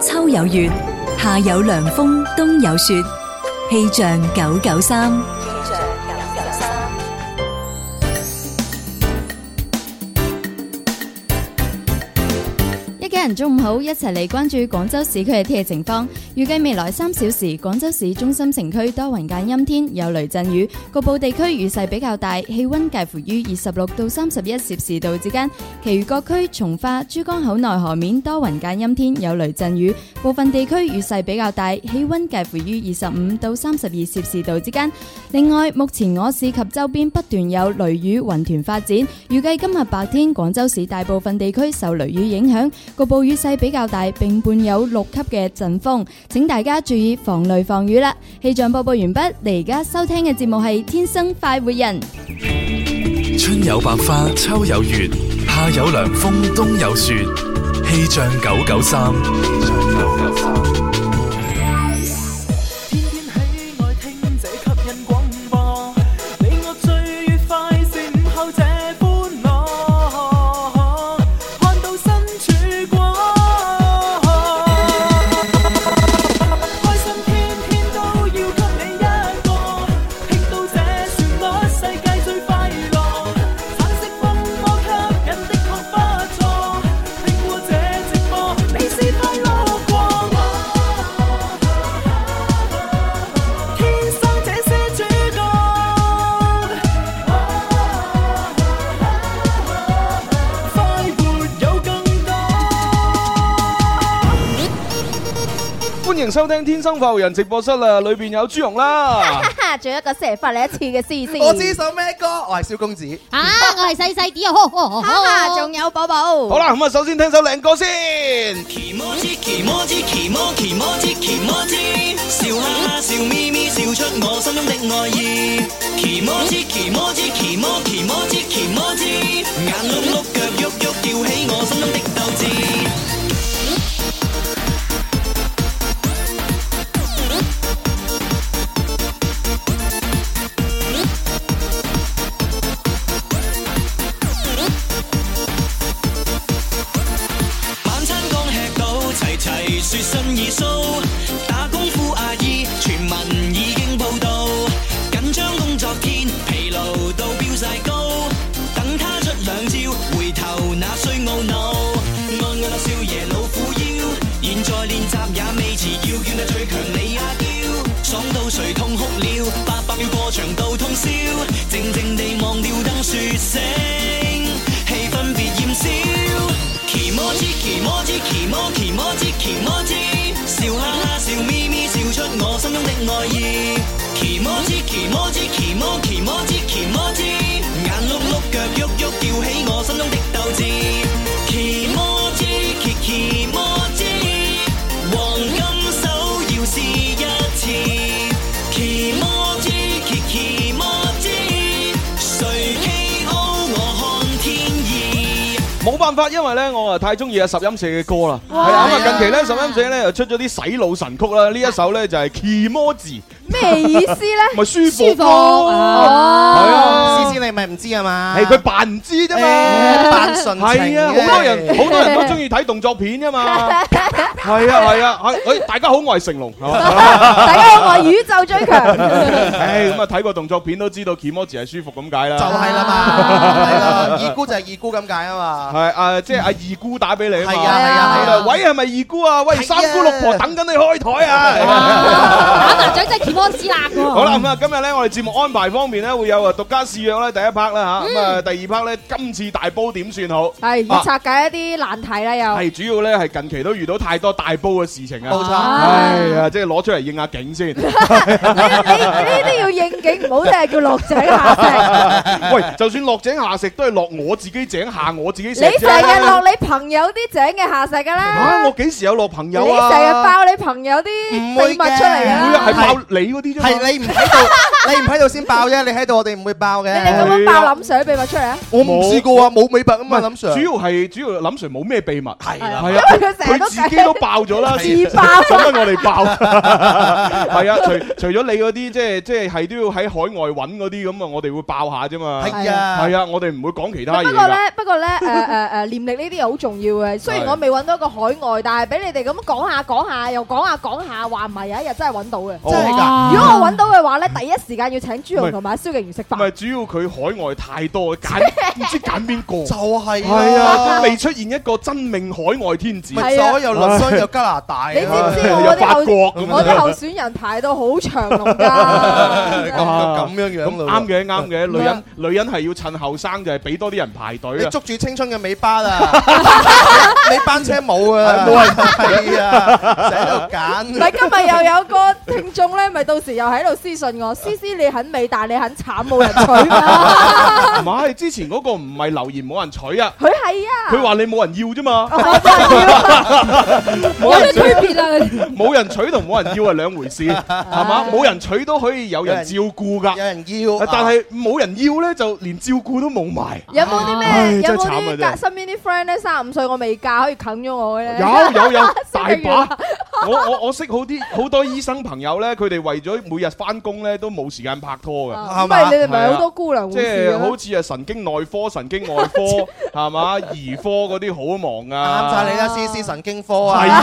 秋有月，夏有涼風，冬有雪，氣象九九三。今日中午好，一齊嚟關注廣州市區嘅天氣情況。預計未來三小時，廣州市中心城區多雲間陰天，有雷陣雨，局部地區雨勢比較大，氣溫介乎於二十六到三十一攝氏度之間。其餘各區、從化、珠江口內河面多雲間陰天，有雷陣雨，部分地區雨勢比較大，氣溫介乎於二十五到三十二攝氏度之間。另外，目前我市及周邊不斷有雷雨雲團發展，預計今日白天廣州市大部分地區受雷雨影響，各。暴雨勢比較大，並伴有六級嘅陣風，請大家注意防雷防雨啦。氣象播報完畢，你而家收聽嘅節目係《天生快活人》。春有百花，秋有月，夏有涼風，冬有雪。氣象九九三。收聽天生快活人直播室啦，裏邊有朱紅啦，仲有一個星期發你一次嘅詩詩。我知首咩歌，我係小公子。啊，我係細細啲。好啦，仲有寶寶。好啦，咁啊，首先聽首靚歌先。冇辦法，因為咧我啊太中意阿十音社嘅歌啦。係啊，咁啊近期咧十音社咧又出咗啲洗腦神曲啦。呢一首咧就係《Kimochi》，咩意思咧？咪舒服，舒服。係啊，試試你咪唔知啊嘛。係佢扮唔知啫嘛，扮純情。係啊，好多人好多人都中意睇動作片噶嘛。係啊，係啊，係。誒大家好，我係成龍。大家好，我係宇宙最強。誒咁啊，睇過動作片都知道 Kimochi 係舒服咁解啦。就係啦嘛，係啦，二姑就係二姑咁解啊嘛。係。誒，即係阿二姑打俾你啊嘛。係啊係啊，喂，係咪二姑啊？喂，三姑六婆等緊你開台啊！打麻雀真係幾多事啦。好啦，咁啊，今日咧我哋節目安排方面咧會有獨家試約咧第一 part 啦吓，咁啊第二 part 咧今次大煲點算好？係要拆解一啲難題啦，又係主要咧係近期都遇到太多大煲嘅事情啊，冇錯，係啊，即係攞出嚟應下景先。你呢啲要應景，唔好真係叫落井下石。喂，就算落井下石，都係落我自己井下我自己成日落你朋友啲井嘅下石噶啦！嚇，我幾時有落朋友啊？成日爆你朋友啲秘密出嚟啊！唔會嘅，係爆你嗰啲啫。係你唔喺度，你唔喺度先爆啫。你喺度，我哋唔會爆嘅。你哋有冇爆林 Sir 秘密出嚟啊？我唔試過啊，冇秘密啊嘛，林 Sir。主要係主要林 Sir 冇咩秘密，係啦，係啊，因為佢佢自己都爆咗啦，自爆，等我哋爆。係啊，除除咗你嗰啲，即係即係係都要喺海外揾嗰啲咁啊，我哋會爆下啫嘛。係啊，係啊，我哋唔會講其他嘢。不過咧，不過咧，誒誒誒。念力呢啲又好重要嘅，雖然我未揾到一個海外，但係俾你哋咁講下講下又講下講下，話唔埋有一日真係揾到嘅。如果我揾到嘅話咧，第一時間要請朱紅同埋蕭敬元食飯。唔係，主要佢海外太多，揀唔知揀邊個就係。係啊，未出現一個真命海外天子。係啊，又洛杉磯，又加拿大，你知唔知我啲後我啲候選人排到好長龍噶，咁樣樣。啱嘅，啱嘅，女人女人係要趁後生，就係俾多啲人排隊。你捉住青春嘅尾巴。啦，你班車冇啊，冇人娶啊，成日喺度揀。唔係今日又有個聽眾咧，咪到時又喺度私信我，詩詩你很美，但係你很慘，冇人娶㗎。唔係，之前嗰個唔係留言冇人娶啊，佢係啊，佢話你冇人要啫嘛，有咩區別啊？冇人娶同冇人要係兩回事，係嘛？冇人娶都可以有人照顧噶，有人要，但係冇人要咧，就連照顧都冇埋。有冇啲咩？真係慘啊！真呢啲 friend 咧，三十五歲我未嫁，可以啃咗我嘅咧？有有有，大把！我我我識好啲好多醫生朋友咧，佢哋為咗每日翻工咧，都冇時間拍拖嘅，係嘛？你哋咪好多姑娘，係啊，即係好似啊神經內科、神經外科，係嘛？兒科嗰啲好忙啊！讚你啦，師師神經科啊！係啊！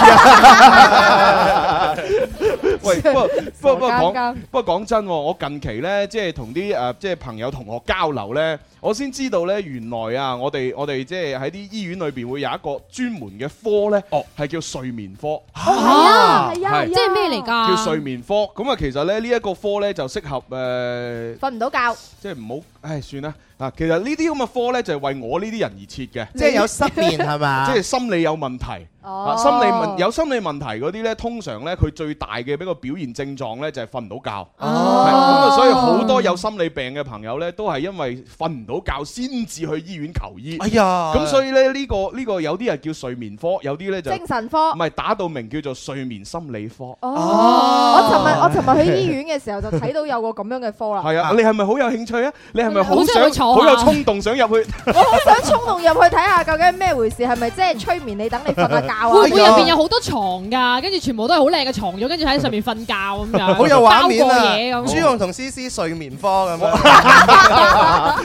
喂，不不不講，不過講真，我近期咧，即係同啲誒，即係朋友同學交流咧，我先知道咧，原來啊，我哋我哋即係喺。喺啲醫院裏邊會有一個專門嘅科咧，哦，係叫睡眠科。係、哦、啊，係啊，即係咩嚟㗎？叫睡眠科。咁啊，其實咧呢一、這個科咧就適合誒，瞓、呃、唔到覺，即係唔好。唉，算啦。嗱，其實呢啲咁嘅科呢，就係、是、為我呢啲人而設嘅。即係有失眠係嘛？ 即係心理有問題。哦、心理問有心理問題嗰啲呢，通常呢，佢最大嘅一個表現症狀呢，就係瞓唔到覺。哦。咁啊，所以好多有心理病嘅朋友呢，都係因為瞓唔到覺先至去醫院求醫。哎呀。咁所以咧呢、呢個呢、呢個有啲係叫睡眠科，有啲呢就精神科。唔係打到明叫做睡眠心理科。哦。哦 我尋日我尋日去醫院嘅時候就睇到有個咁樣嘅科啦。係 啊，你係咪好有興趣啊？你係咪？好想坐，好有衝動想入去。我好想衝動入去睇下究竟咩回事，係咪即係催眠你等你瞓下覺啊？會唔會入邊有好多牀㗎？跟住全部都係好靚嘅牀褥，跟住喺上面瞓覺咁樣，好有畫面啊！朱旺同思思睡眠科咁，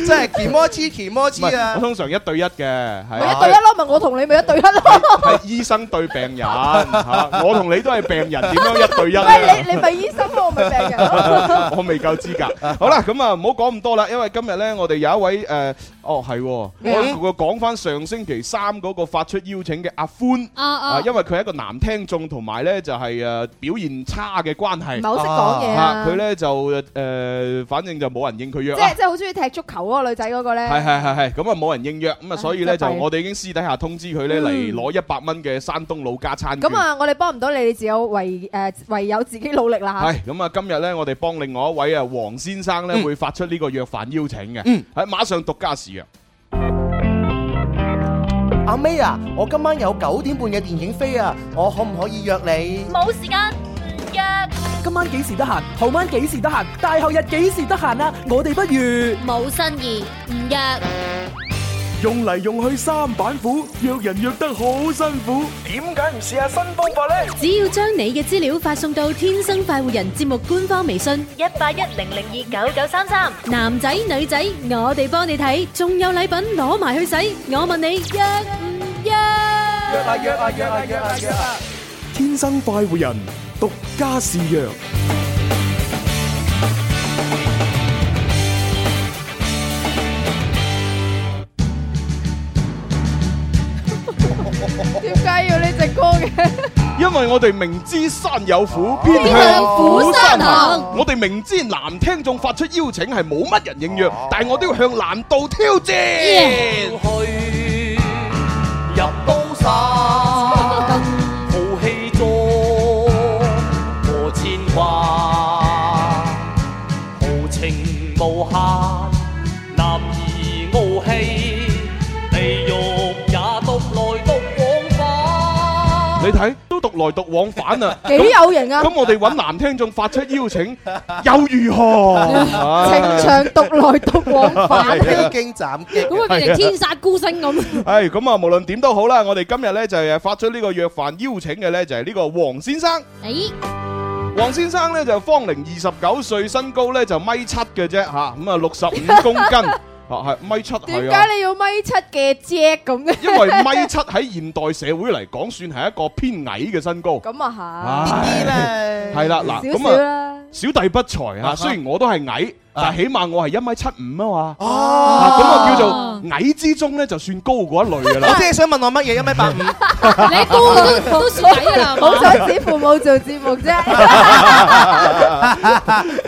即係見魔痴，見魔痴啊！我通常一對一嘅，係啊，一對一咯，咪我同你咪一對一咯。係醫生對病人，我同你都係病人，點樣一對一？喂，你你咪醫生咯，我咪病人。我未夠資格。好啦，咁啊，唔好講咁多啦，因為今。今日咧，我哋有一位誒，哦係，我同佢講翻上星期三嗰個發出邀請嘅阿歡啊啊，因為佢係一個男聽眾，同埋咧就係誒表現差嘅關係，唔係好識講嘢啊。佢咧就誒，反正就冇人應佢約，即係即係好中意踢足球嗰個女仔嗰個咧，係係係係，咁啊冇人應約，咁啊所以咧就我哋已經私底下通知佢咧嚟攞一百蚊嘅山東老家餐券。咁啊，我哋幫唔到你，你只有唯誒唯有自己努力啦。係咁啊，今日咧我哋幫另外一位啊黃先生咧會發出呢個約飯邀。邀請嘅，嗯，係馬上獨家試約。阿 May 啊，我今晚有九點半嘅電影飛啊，我可唔可以約你？冇時間，唔約。今晚幾時得閒？後晚幾時得閒？大後日幾時得閒啊？我哋不如冇新意，唔約。用嚟用去三板斧，約人約得好辛苦，點解唔試下新方法呢？只要將你嘅資料發送到《天生快活人》節目官方微信一八一零零二九九三三，男仔女仔，我哋幫你睇，仲有禮品攞埋去使，我問你約唔約？約啊約啊約啊約啊約啊！天生快活人獨家試約。點解要呢隻歌嘅？因為我哋明知山有虎，偏向虎山行。我哋明知男聽眾發出邀請係冇乜人應約，但係我都要向難度挑戰。Yeah! 獨來獨往返啊！幾 麼有型啊！咁我哋揾男聽眾發出邀請 又如何？哎、 情場獨來獨往反，驚斬驚咁啊！ 變成天煞孤星咁。係咁啊！無論點都好啦，我哋今日咧就係、是、發出呢個約飯邀請嘅咧就係、是、呢個黃先生。誒、哎，黃先生咧就芳齡二十九歲，身高咧就米七嘅啫吓，咁啊六十五公斤。 係米、啊、七、啊，點解你要米七嘅啫咁嘅？ 因為米七喺現代社會嚟講，算係一個偏矮嘅身高。咁啊係，啲咧係啦嗱，咁啊，啊小弟不才啊， 雖然我都係矮。但係起碼我係一米七五啊嘛，咁我叫做矮之中咧，就算高嗰一類嘅啦。我即係想問我乜嘢一米八五？你估都算矮啦，冇錯。子父冇做節目啫，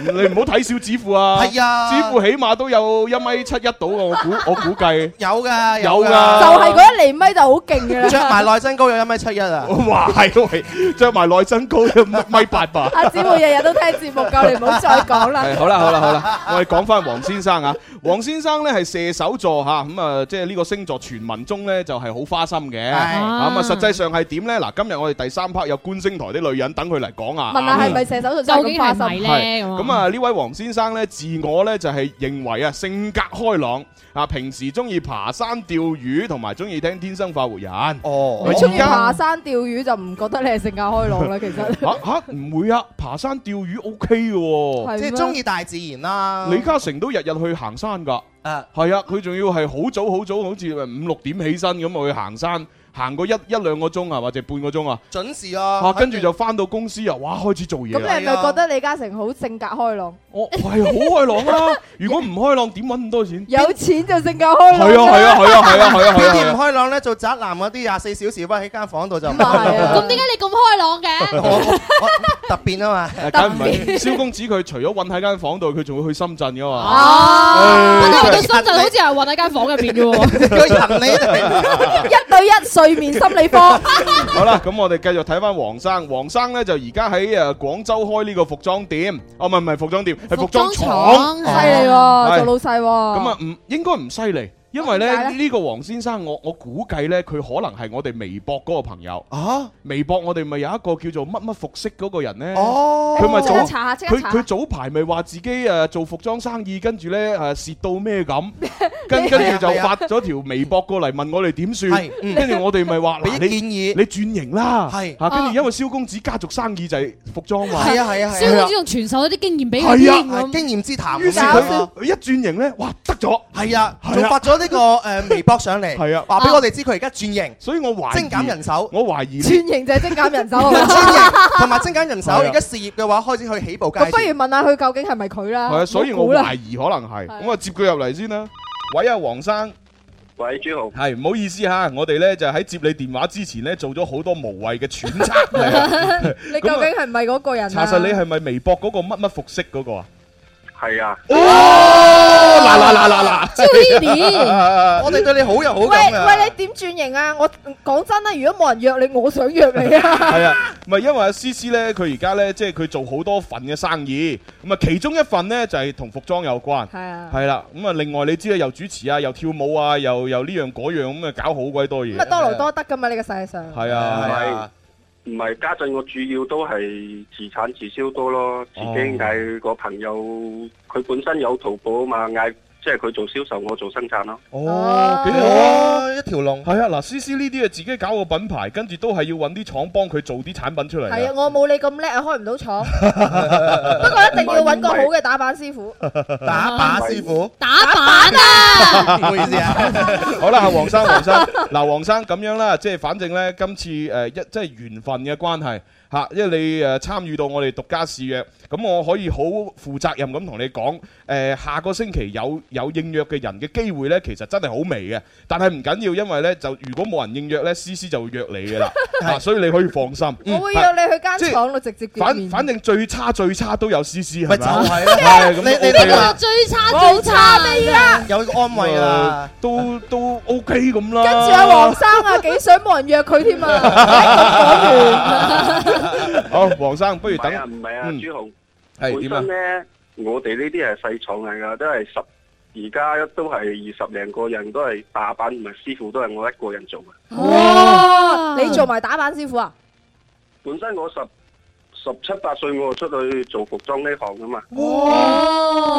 你唔好睇小子父啊。係啊，子父起碼都有一米七一到嘅，我估我估計有㗎，有㗎，就係嗰一釐米就好勁嘅啦。著埋內增高有一米七一啊？話係都係，著埋內增高一米八八。阿子父日日都聽節目，夠你唔好再講啦。好啦，好啦，好啦。我哋講翻黃先生啊，黃先生咧係射手座吓，咁啊即係呢個星座傳聞中咧就係好花心嘅，咁啊實際上係點咧？嗱，今日我哋第三 part 有觀星台啲女人等佢嚟講啊，問下係咪射手座真係咁花心咧？咁啊呢位黃先生咧自我咧就係認為啊，性格開朗啊，平時中意爬山釣魚同埋中意聽天生快活人。哦，中意爬山釣魚就唔覺得你係性格開朗啦，其實吓吓唔會啊，爬山釣魚 OK 嘅，即係中意大自然啦。李嘉誠都日日去行山噶，係啊，uh，佢仲要係好早好早，好似五六點起身咁去行山。行過一一兩個鐘啊，或者半個鐘啊，準時啊，跟住就翻到公司啊，哇開始做嘢。咁你係咪覺得李嘉誠好性格開朗？我係啊，好開朗啊！如果唔開朗點揾咁多錢？有錢就性格開朗。係啊、係啊、係啊、係啊、係啊！如果你唔開朗咧，做宅男嗰啲廿四小時翻喺間房度就。咁啊係。咁點解你咁開朗嘅？特別啊嘛，但唔係。蕭公子佢除咗揾喺間房度，佢仲會去深圳噶嘛？哦。咁去到深圳好似係揾喺間房入邊啫喎，佢行李一對一對面心理科。 好啦，咁我哋繼續睇翻黃生。黃生呢就而家喺誒，廣州開呢個服裝店。哦，唔係唔係服裝店，係服裝廠。犀利喎，啊哦、是做老細。咁啊，唔應該唔犀利。因為咧呢個黃先生，我我估計咧佢可能係我哋微博嗰個朋友啊。微博我哋咪有一個叫做乜乜服飾嗰個人咧，佢咪早佢佢早排咪話自己誒做服裝生意，跟住咧誒蝕到咩咁，跟跟住就發咗條微博過嚟問我哋點算，跟住我哋咪話俾啲建議，你轉型啦，係，跟住因為蕭公子家族生意就係服裝嘛，係啊係啊係蕭公子仲傳授一啲經驗俾佢，係啊經驗之談。於是佢一轉型咧，哇得咗，係啊，仲發咗呢個誒微博上嚟，係啊，話俾我哋知佢而家轉型，所以我懷疑精減人手，我懷疑轉型就係精減人手，同埋精減人手而家事業嘅話開始去起步階段。我不如問下佢究竟係咪佢啦？係啊，所以我懷疑可能係，咁啊接佢入嚟先啦。喂啊，黃生，喂朱豪，係唔好意思吓、啊，我哋咧就喺接你電話之前咧做咗好多無謂嘅揣測， 啊、你究竟係唔係嗰個人、啊？查實你係咪微博嗰個乜乜服飾嗰個啊？係啊！哦，嗱嗱嗱嗱嗱！招依啲，我哋對你好有好感！喂，你點轉型啊？我講真啦，如果冇人約你，我想約你啊！係啊，唔係因為阿思思咧，佢而家咧即係佢做好多份嘅生意，咁啊其中一份咧就係同服裝有關，係啊，係啦，咁啊另外你知啦，又主持啊，又跳舞啊，又又呢樣嗰樣咁啊搞好鬼多嘢，咁啊多勞多得噶嘛呢個世界上，係啊，係。唔係，家陣，我主要都係自產自銷多咯，自己嗌個朋友，佢本身有淘寶啊嘛，嗌。即係佢做銷售，我做生產咯。哦，幾好啊！哦、一條龍係啊，嗱，C C 呢啲啊，自己搞個品牌，跟住都係要揾啲廠幫佢做啲產品出嚟。係啊，我冇你咁叻啊，開唔到廠。 不過一定要揾個好嘅打板師傅。打板師傅？打板啊！唔好意思啊？ 好啦，黃、啊、生，黃生，嗱、 啊，黃生咁樣啦，即係反正呢，今次誒一、呃、即係緣分嘅關係吓、啊，因為你誒參與到我哋獨家試約，咁我可以好負責任咁同你講，誒、呃、下個星期有。有應約嘅人嘅機會咧，其實真係好微嘅。但係唔緊要，因為咧就如果冇人應約咧，詩詩就會約你噶啦。嚇，所以你可以放心。我會約你去間廠度直接見面。反反正最差最差都有詩詩，係咪？唔係就係啦。你你你最差最差你而家有個安慰啊，都都 OK 咁啦。跟住阿黃生啊，幾想冇人約佢添啊！喺個廠員。好，黃生不如等。唔係啊，朱紅。係點啊？本身咧，我哋呢啲係細廠嚟噶，都係十。而家都係二十零個人，都係打板唔係師傅，都係我一個人做嘅。啊、哇、啊！你做埋打板師傅啊？本身我十十七八歲我就出去做服裝呢行㗎嘛。哇！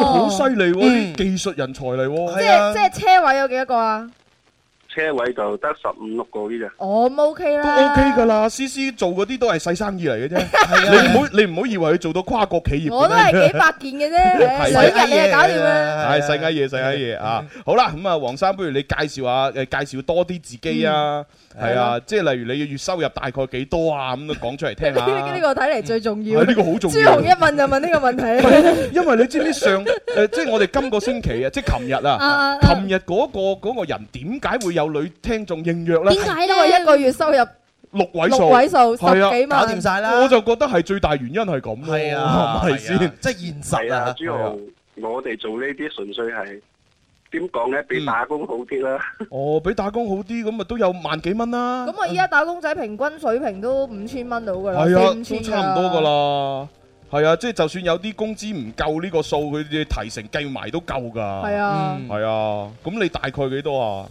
好犀利喎，啲技術人才嚟喎、啊啊。即係即係車位有幾多個啊？車位就得十五六個呢？咋哦，咁 OK 啦，都 OK 噶啦。思思做嗰啲都係細生意嚟嘅啫，你唔好你唔好以為佢做到跨國企業。我都係幾百件嘅啫，一日你就搞掂啦。係世間嘢，世間嘢啊！好啦，咁啊，黃生，不如你介紹下，誒，介紹多啲自己啊，係啊，即係例如你月收入大概幾多啊？咁樣講出嚟聽下。呢個睇嚟最重要。呢個好重要。朱紅一問就問呢個問題。因為你知唔知上誒？即係我哋今個星期啊，即係琴日啊，琴日嗰個嗰個人點解會有？女聽眾應約咧，點解？因為一個月收入六位數，六位數，係啊，十幾萬，搞掂晒啦。我就覺得係最大原因係咁咯，係咪先？即係現實啊。主要，我哋做呢啲純粹係點講咧，比打工好啲啦。哦，比打工好啲，咁啊都有萬幾蚊啦。咁我依家打工仔平均水平都五千蚊到噶啦，五千差唔多噶啦。係啊，即係就算有啲工資唔夠呢個數，佢哋提成計埋都夠噶。係啊，係啊。咁你大概幾多啊？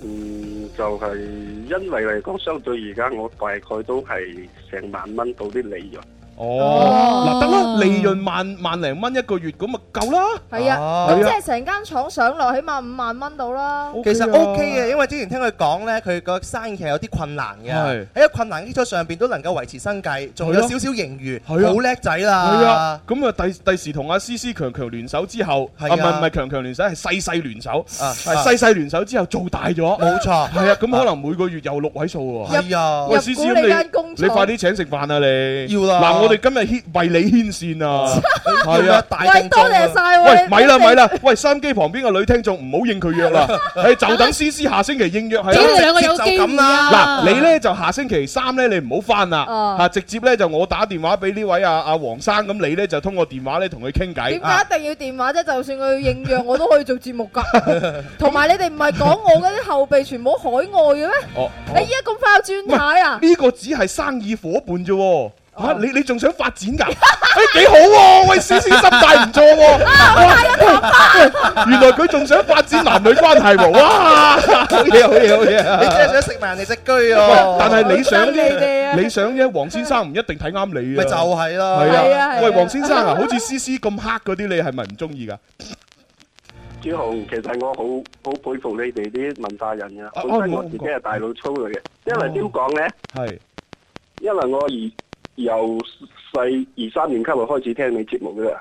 嗯，就係、是、因為嚟講，相對而家我大概都係成萬蚊到啲利潤。哦，嗱得啦，利潤萬萬零蚊一個月，咁咪夠啦。係啊，即係成間廠上落起碼五萬蚊到啦。其實 OK 嘅，因為之前聽佢講咧，佢個生意其實有啲困難嘅。係喺個困難基礎上邊都能夠維持生計，仲有少少盈餘，好叻仔啦。係啊，咁啊第第時同阿思思強強聯手之後，唔係唔係強強聯手，係細細聯手。係細細聯手之後做大咗。冇錯。係啊，咁可能每個月有六位數喎。係啊，喂思思，你間公司你快啲請食飯啊你。要啦。嗱我。我哋今日牽為你牽線啊，係啊，大多謝晒。喂，咪啦咪啦，喂，收音機旁邊嘅女聽眾唔好應佢約啦，係就等思思下星期應約，係啦。咁你兩個有機會啊？嗱，你咧就下星期三咧，你唔好翻啦，吓，直接咧就我打電話俾呢位阿阿黃生，咁你咧就通過電話咧同佢傾偈。點解一定要電話啫？就算佢要應約，我都可以做節目噶。同埋你哋唔係講我嗰啲後備全部海外嘅咩？哦，你依家咁快又轉軚呀？呢個只係生意夥伴啫。啊！你你仲想發展噶？哎，幾好喎！喂，思思心態唔錯喎。原來佢仲想發展男女關係喎！哇！好嘢好嘢好嘢！你真係想食埋你食居哦。但係你想啫，你想啫，黃先生唔一定睇啱你嘅。咪就係咯，係啊！喂，黃先生啊，好似思思咁黑嗰啲，你係咪唔中意噶？朱紅，其實我好好佩服你哋啲文化人噶。本身我自己係大老粗嚟嘅，因為點講咧？係，因為我而。有。細二三年級就開始聽你節目噶啦，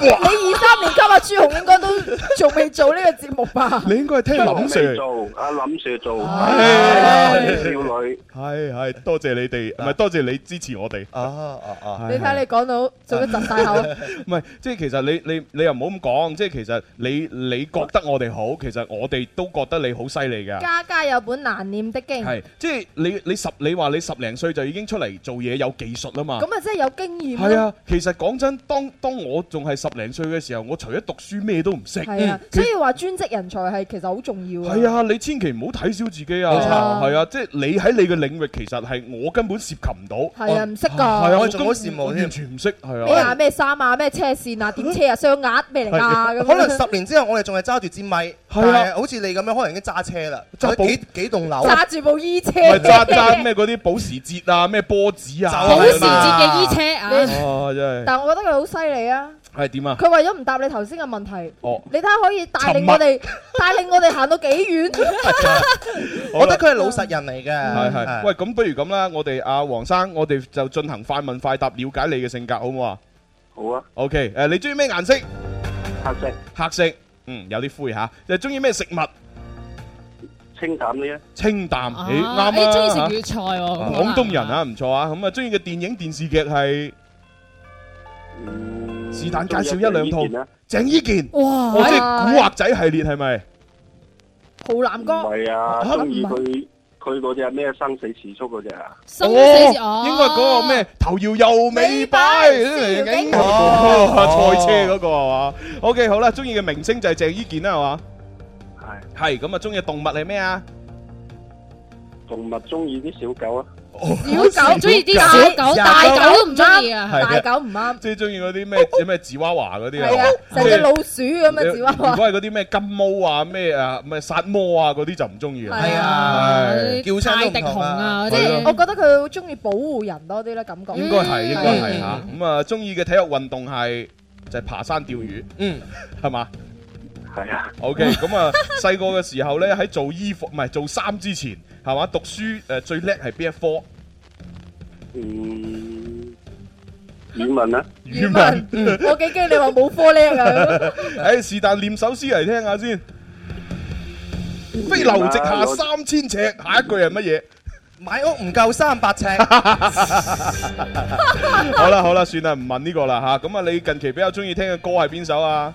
你二三年級阿朱紅應該都仲未做呢個節目吧？你應該係聽林 Sir 做，阿林 Sir 做少女，係係，多謝你哋，唔係，多謝你支持我哋。啊啊啊！你睇你講到做咗窒晒口，唔係，即係其實你你你又唔好咁講，即係其實你你覺得我哋好，其實我哋都覺得你好犀利噶。家家有本難念的經，係即係你你十你話你十零歲就已經出嚟做嘢有技術吖嘛？咁啊即係。有經驗咯。係啊，其實講真，當當我仲係十零歲嘅時候，我除咗讀書，咩都唔識。係啊，所以話專職人才係其實好重要啊。係啊，你千祈唔好睇小自己啊。冇錯，係啊，即係你喺你嘅領域，其實係我根本涉及唔到。係啊，唔識㗎。係啊，我做嗰啲事務完全唔識。係啊。咩衫啊？咩車線啊？點車啊？雙壓咩嚟㗎？咁可能十年之後，我哋仲係揸住支咪，係啊，好似你咁樣，可能已經揸車啦，揸幾幾棟樓。揸住部衣車。揸揸咩嗰啲保時捷啊？咩波子啊？保時捷嘅衣車啊！但係我覺得佢好犀利啊！係點啊？佢為咗唔答你頭先嘅問題，你睇下可以帶領我哋帶領我哋行到幾遠？我覺得佢係老實人嚟嘅。係係。喂，咁不如咁啦，我哋阿黃生，我哋就進行快問快答，了解你嘅性格，好唔好啊？好啊。OK，誒，你中意咩顏色？黑色。黑色。嗯，有啲灰吓。又中意咩食物？清淡啲啊！清淡，你啱。你中意食粵菜哦。廣東人啊，唔錯啊。咁啊，中意嘅電影電視劇係是但介紹一兩套。鄭伊健，哇，即係古惑仔系列係咪？浩南哥，係啊。中意佢佢嗰隻咩生死時速嗰隻啊？哦，應該嗰個咩頭搖又尾擺嚟賽車嗰個係嘛？OK，好啦，中意嘅明星就係鄭伊健啦，係嘛？係咁啊！中意動物係咩啊？動物中意啲小狗啊！小狗中意啲小狗，大狗都唔中意啊！大狗唔啱。即係中意嗰啲咩？有咩芝娃娃嗰啲啊？係啊，成隻老鼠咁啊！芝娃娃。如果係嗰啲咩金毛啊、咩啊、咩薩摩啊嗰啲就唔中意啊。係啊，叫聲都痛啦。即係我覺得佢會中意保護人多啲啦，感覺。應該係，應該係吓。咁啊，中意嘅體育運動係就係爬山釣魚。嗯，係嘛？係啊，OK，咁、嗯、啊，細個嘅時候咧，喺做衣服唔係做衫之前，係嘛讀書誒、呃、最叻係邊一科、嗯？語文啊，語文， 我幾驚你話冇科叻啊！誒、 欸，是但念首詩嚟聽下先，飛流直下三千尺，下一句係乜嘢？買屋唔夠三百尺。好啦好啦，算啦，唔問呢個啦吓。咁啊，你近期比較中意聽嘅歌係邊首啊？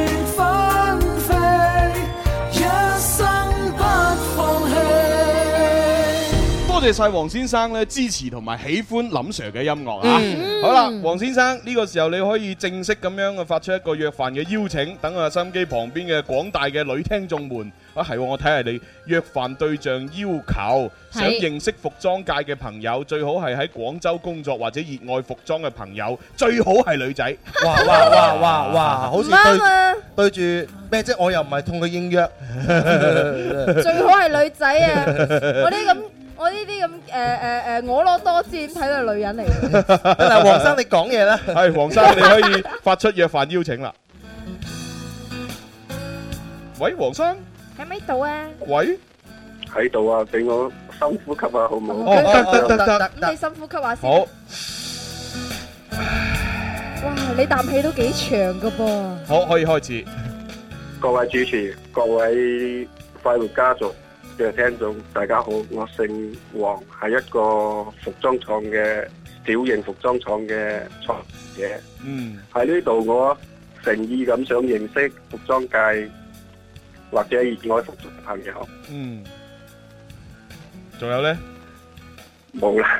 晒黃先生咧支持同埋喜歡林 Sir 嘅音樂、嗯、啊！好啦，黃先生呢，呢個時候你可以正式咁樣啊發出一個約飯嘅邀請，等啊收音機旁邊嘅廣大嘅女聽眾們啊，係，我睇下，你約飯對象要求想認識服裝界嘅朋友，最好係喺廣州工作或者熱愛服裝嘅朋友，最好係女仔， 哇哇哇哇哇，好似對對住咩啫？我又唔係同佢應約， 最好係女仔啊！ 我啲咁。我呢啲咁，誒誒誒，我攞多姿咁睇佢係女人嚟嘅。但係黃生你講嘢啦，係黃生你可以發出約飯邀請啦。喂，黃生喺咪度啊？喂，喺度啊，俾我深呼吸啊，好唔好？得得得得，咁你深呼吸下先。好。哇，你啖氣都幾長噶噃。好，可以開始。各位主持，各位快活家族。嘅聽眾，大家好，我姓黃，係一個服裝廠嘅小型服裝廠嘅創業者。嗯，喺呢度我誠意咁想認識服裝界或者熱愛服裝嘅朋友。嗯，仲有咧，冇啦。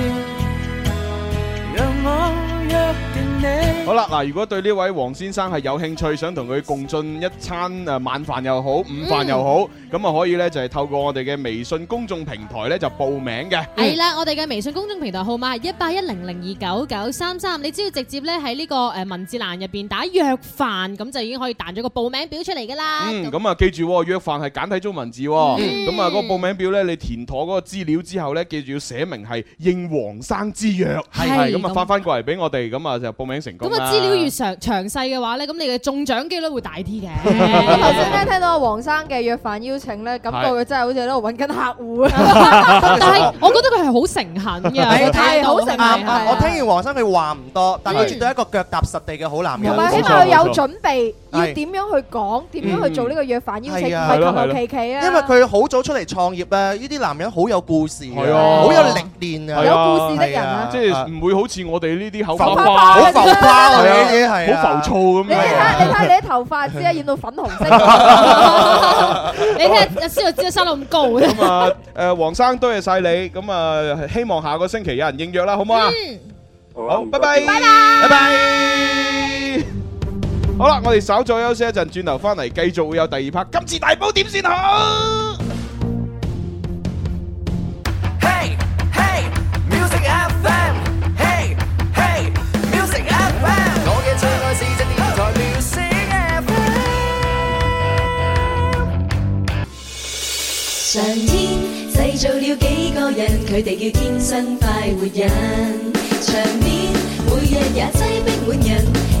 好啦，嗱，如果對呢位黃先生係有興趣，想同佢共進一餐誒晚飯又好，午飯又好，咁啊可以咧就係透過我哋嘅微信公眾平台咧就報名嘅。係啦，我哋嘅微信公眾平台號碼係一八一零零二九九三三，你只要直接咧喺呢個誒文字欄入邊打約飯，咁就已經可以彈咗個報名表出嚟噶啦。嗯，咁啊記住約飯係簡體中文字，咁啊個報名表咧你填妥嗰個資料之後咧，記住要寫明係應黃生之約，係咁啊發翻過嚟俾我哋，咁啊就報。咁啊資料越詳詳細嘅話咧，咁你嘅中獎機率會大啲嘅。我頭先聽聽到黃生嘅約飯邀請咧，感覺佢真係好似喺度揾緊客戶。但係我覺得佢係好誠懇嘅，係好誠，我聽完黃生佢話唔多，但係絕對一個腳踏實地嘅好男人。同埋希望佢有準備。要點樣去講？點樣去做呢個約飯邀請？唔係求求其其啊！因為佢好早出嚟創業咧，呢啲男人好有故事嘅，好有歷練嘅，有故事的人啊！即係唔會好似我哋呢啲口花花、好浮花嘅呢好浮躁咁樣。你睇你睇你啲頭髮，即係染到粉紅色。你睇阿蕭又升到咁高。咁啊，誒，黃生多謝晒你。咁啊，希望下個星期有人應約啦，好唔好啊？好，拜拜，拜拜。好啦，我哋稍再休息一陣，轉頭翻嚟繼續會有第二拍。今次大寶點算好？Hey hey music FM，Hey hey music FM，我嘅窗外是隻電台，music FM。上天製造了幾個人，佢哋叫天生快活人，場面每日也擠逼滿人。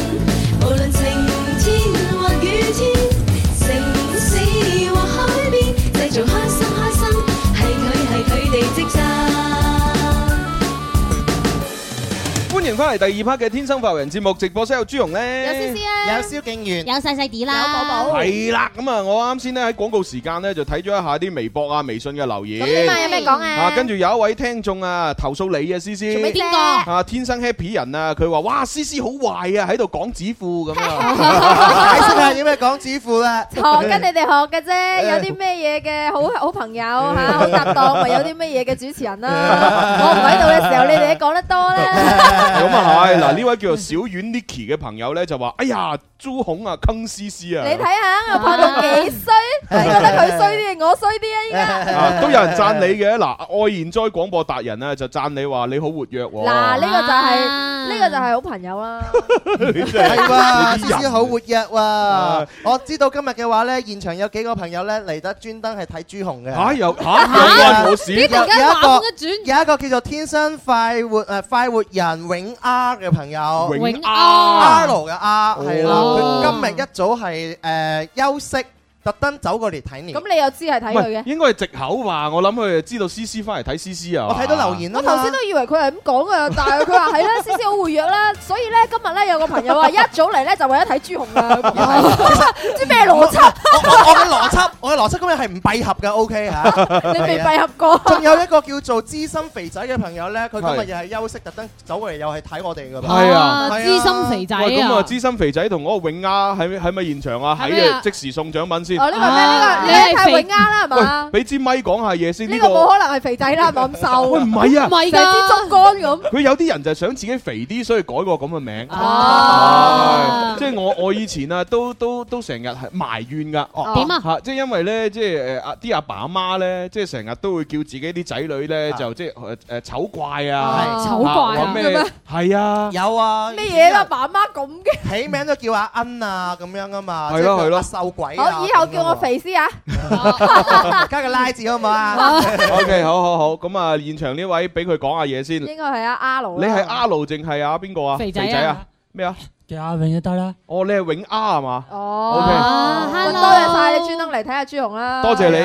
翻嚟第二 part 嘅天生發人節目直播室有朱容咧，有思思啊，有蕭敬元，有細細啲啦，有寶寶，係啦。咁啊，我啱先咧喺廣告時間咧就睇咗一下啲微博啊、微信嘅留言。咁啊，有咩講啊。啊，跟住有一位聽眾啊，投訴你啊，思思。仲未邊個？啊，天生 happy 人啊，佢話：哇，思思好壞啊，喺度講指褲咁。解釋下點解講指褲啦？學跟你哋學嘅啫，有啲咩嘢嘅好好朋友嚇，好搭檔，咪有啲咩嘢嘅主持人啦。我唔喺度嘅時候，你哋講得多咧。咁啊，係嗱，呢位叫做小婉 Nicky 嘅朋友咧就話哎呀，朱紅啊、坑思思啊，你睇下我拍到幾衰，你覺得佢衰啲我衰啲啊？依家都有人讚你嘅。嗱，愛然哉廣播達人咧就讚你話你好活躍。嗱，呢個就係呢個就係好朋友啊，係哇，思思好活躍哇。我知道今日嘅話咧現場有幾個朋友咧嚟得專登係睇朱紅嘅吓。又吓，又關我事啊。有一個有一個叫做天生快活誒快活人永 R 嘅朋友，R 嘅 R 係啦，佢今日一早係誒休息。特登走過嚟睇你，咁你又知係睇佢嘅，應該係藉口話我諗佢知道思思翻嚟睇思思啊，我睇到留言咯。我頭先都以為佢係咁講啊，但係佢話係啦，思思好活躍啦，所以咧今日咧有個朋友話一早嚟咧就為咗睇朱紅啊，知咩邏輯？我嘅邏輯，我嘅邏輯今日係唔閉合嘅，O K 吓。你未閉合過？仲有一個叫做資深肥仔嘅朋友咧，佢今日又係休息，特登走過嚟又係睇我哋噶。係啊，資深肥仔。咁啊，資深肥仔同嗰個永亞喺喺咪現場啊？喺即時送獎品。哦，呢個咩？呢個你係肥啱啦，係嘛？喂，俾支咪講下嘢先。呢個冇可能係肥仔啦，冇咁瘦。喂，唔係啊，唔係啊，支竹竿咁。佢有啲人就係想自己肥啲，所以改個咁嘅名。哦，即係我我以前啊，都都都成日係埋怨噶。點啊？嚇，即係因為咧，即係誒阿啲阿爸阿媽咧，即係成日都會叫自己啲仔女咧，就即係誒誒醜怪啊，醜怪咁嘅咩？係啊，有啊，咩嘢啦？爸媽咁嘅，起名都叫阿恩啊，咁樣啊嘛。係咯，係咯，瘦鬼啊。我叫我肥師啊，加個拉字好唔好啊？OK，好好好，咁啊，現場呢位俾佢講下嘢先，應該係啊 R 啦。你係 R 定係啊邊個啊？肥仔啊？咩啊？叫阿永都得啦。哦，你係永 R 係嘛？哦，OK，多謝晒你專登嚟睇下朱紅啦。多謝你。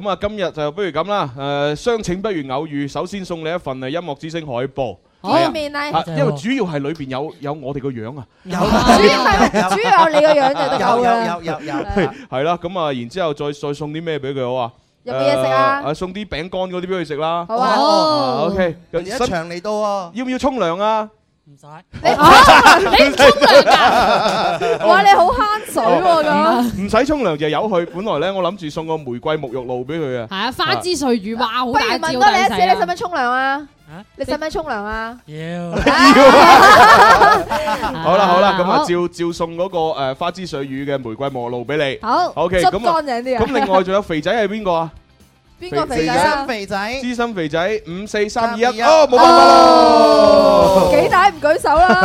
咁啊，今日就不如咁啦。誒，相請不如偶遇。首先送你一份誒，音樂之星海報。後面係，因為主要係裏邊有有我哋個樣啊，主要係主要係你個樣就得噶啦，係啦，咁啊，然之後再再送啲咩俾佢好啊？有咩嘢食啊？送啲餅乾嗰啲俾佢食啦。好啊。OK，又一場嚟到啊，要唔要沖涼啊？唔使，你唔沖涼啊！哇，你好慳水咁，唔使沖涼就由佢。本來咧，我諗住送個玫瑰沐浴露俾佢嘅。係啊，花枝水魚哇，好搞笑！你使唔使沖涼啊？啊，你使唔使沖涼啊？妖，好啦好啦，咁啊，照照送嗰個誒花枝水魚嘅玫瑰沐浴露俾你。好，O K。咁乾淨啲啊，咁另外仲有肥仔係邊個啊？邊個肥仔，啊？資深肥仔，資深肥仔，五四三二一，哦，冇辦法咯，幾、哦、大唔舉手啦，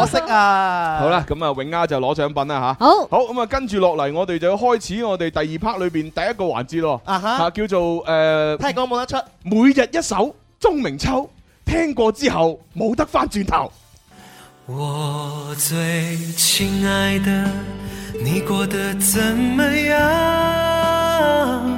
可惜啊。好啦，咁、嗯、啊，永丫就攞獎品啦吓。好，好，咁、嗯、啊，跟住落嚟，我哋就要開始我哋第二 part 裏邊第一個環節咯。啊哈，啊叫做誒，聽講冇得出，每日一首鍾明秋，聽過之後冇得翻轉頭。我最親愛的，你過得怎麼樣？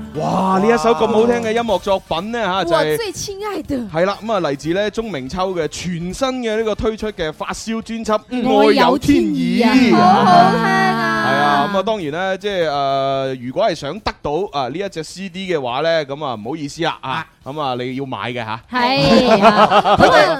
哇！呢哇一首咁好聽嘅音樂作品咧吓，哇就係最親愛的係啦咁啊，嚟自咧鍾明秋嘅全新嘅呢個推出嘅發燒專輯《愛有天意》，好好聽啊！係啊，咁啊，當然咧，即係誒、呃，如果係想得到啊呢、呃、一隻 CD 嘅話呢，咁啊唔好意思啦啊！咁啊，你要買嘅吓？係啊！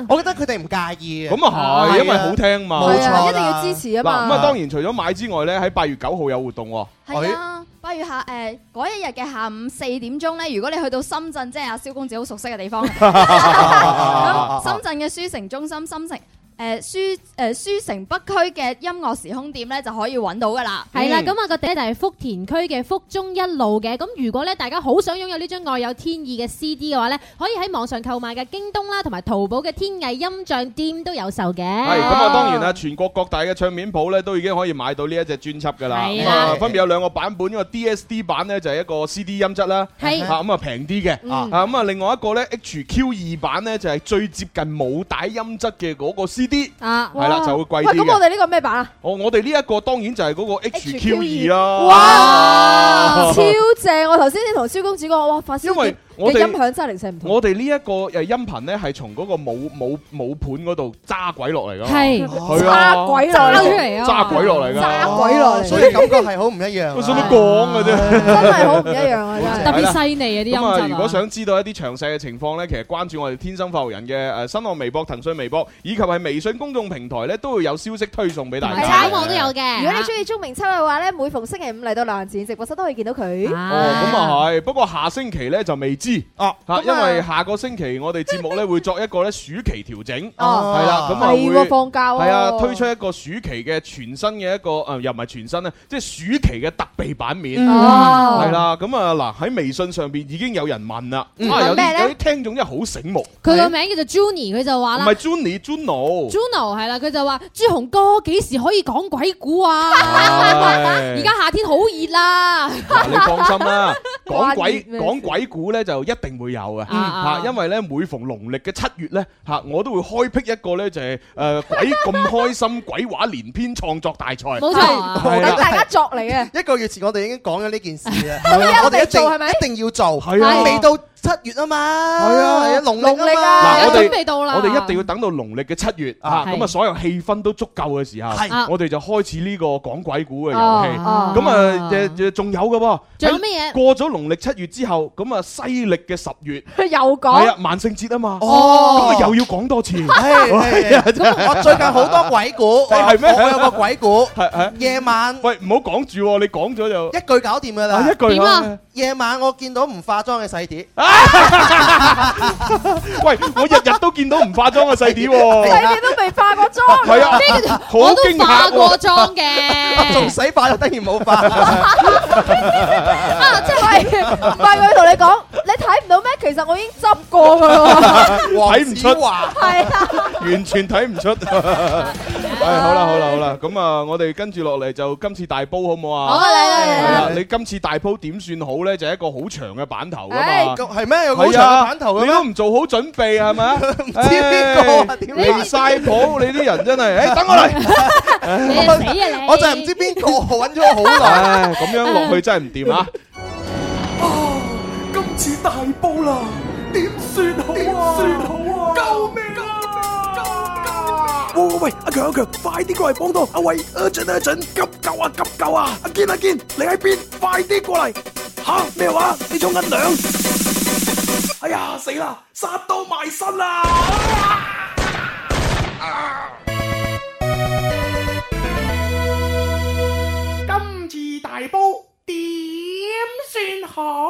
我覺得佢哋唔介意，咁、嗯、啊係，因為好聽嘛，冇錯，一定要支持啊嘛。咁啊，當然除咗買之外咧，喺八月九號有活動喎，係啊，啊哎、八月下誒嗰、呃、一日嘅下午四點鐘咧，如果你去到深圳，即係阿蕭公子好熟悉嘅地方，咁 深圳嘅書城中心，深城。誒、呃、書誒、呃、書城北區嘅音樂時空店咧就可以揾到噶啦。係啦、嗯，咁、那、啊個地址咧就係福田區嘅福中一路嘅。咁如果咧大家好想擁有呢張《愛有天意》嘅 CD 嘅話咧，可以喺網上購買嘅，京東啦同埋淘寶嘅天藝音像店都有售嘅。係咁啊，嗯哦、當然啦，全國各大嘅唱片鋪咧都已經可以買到呢一隻專輯噶啦。係啊，分別有兩個版本，一個 DSD 版呢，就係一個 CD 音質啦。係咁是啊，平啲嘅咁啊，嗯嗯、另外一個咧 HQ 二版呢，就係最接近母帶音質嘅嗰個 C。啊，係啦了，哇就會貴啲。咁我哋呢個咩版啊？哦，我哋呢一個當然就係嗰個 H Q 二咯。啦哇，哇超正！ 我頭先同蕭公子講，哇，發燒點。因為你音響真係零舍唔同。我哋呢一個誒音頻咧，係從嗰個冇冇冇盤嗰度揸鬼落嚟㗎，係揸鬼落嚟啊！揸鬼落嚟㗎，揸鬼落嚟，所以感覺係好唔一樣。點講嘅啫，真係好唔一樣啊！特別細膩啊啲音質。如果想知道一啲詳細嘅情況咧，其實關注我哋天生快活人嘅誒新浪微博、騰訊微博，以及係微信公眾平台咧，都會有消息推送俾大家。彩網都有嘅。如果你中意鐘明秋嘅話咧，每逢星期五嚟到流行節目直播室都可以見到佢。哦，咁啊係。不過下星期咧就未知。啊，吓，因為下個星期我哋節目咧會作一個咧暑期調整，係啦，咁啊會放假啊，係啊，推出一個暑期嘅全新嘅一個誒，又唔係全新咧，即係暑期嘅特別版面，係啦，咁啊嗱，喺微信上邊已經有人問啦，咩啲聽眾真係好醒目，佢個名叫做 Juni，佢就話啦，唔係 Juni，Juno，Juno 係啦，佢就話朱紅哥幾時可以講鬼故啊？而家夏天好熱啦，你放心啦，講鬼講鬼故咧就。一定會有嘅，吓、啊，因為咧每逢農曆嘅七月咧，吓，我都會開闢一個咧就係、是、誒、呃、鬼咁開心 鬼話連篇創作大賽，冇錯錯，大家作嚟嘅。啊啊、一個月前我哋已經講咗呢件事啦， 啊、我哋一定係咪、 啊、一定要做？係啊，未到。七月啊嘛，係啊，係啊，農曆啊，我哋我哋一定要等到農曆嘅七月啊，咁啊所有氣氛都足夠嘅時候，我哋就開始呢個講鬼故嘅遊戲。咁啊誒誒，仲有嘅喎，仲有咩嘢？過咗農曆七月之後，咁啊西歷嘅十月，佢又講，係啊萬聖節啊嘛，哦，咁啊又要講多次，我最近好多鬼故，係咩？我有個鬼故，夜晚，喂唔好講住，你講咗就一句搞掂㗎啦，一句夜晚我見到唔化妝嘅細碟啊！ 喂，我日日都見到唔化妝嘅細啲喎，你 點都未化過妝，係 啊，我都化過妝嘅，做死 化 啊，當然冇化。啊，即係唔係佢同你講， 你睇唔到咩？其實我已經執過㗎喎，睇唔 哇出，係 啊， 完全睇唔出。 哎，好啦好啦好啦，咁啊，我哋跟住落嚟就今次大煲好唔好啊？好啦，你今次大煲點算好咧？就一個好長嘅板頭啊嘛，係咩？有冇板頭，你都唔做好準備，係咪？唔知邊個啊？點嚟晒譜？你啲人真係，哎，等我嚟，我就係唔知邊個揾咗我好耐，咁樣落去真係唔掂啊！啊，今次大煲啦，點算好啊？點算好啊？救命！喂，阿強阿強，快啲過嚟幫到！阿喂阿俊阿俊，急救啊急救啊！阿堅阿堅，你喺邊？快啲過嚟！吓咩話？你沖緊涼？哎呀死啦！殺到埋身啦！今次大煲點算好？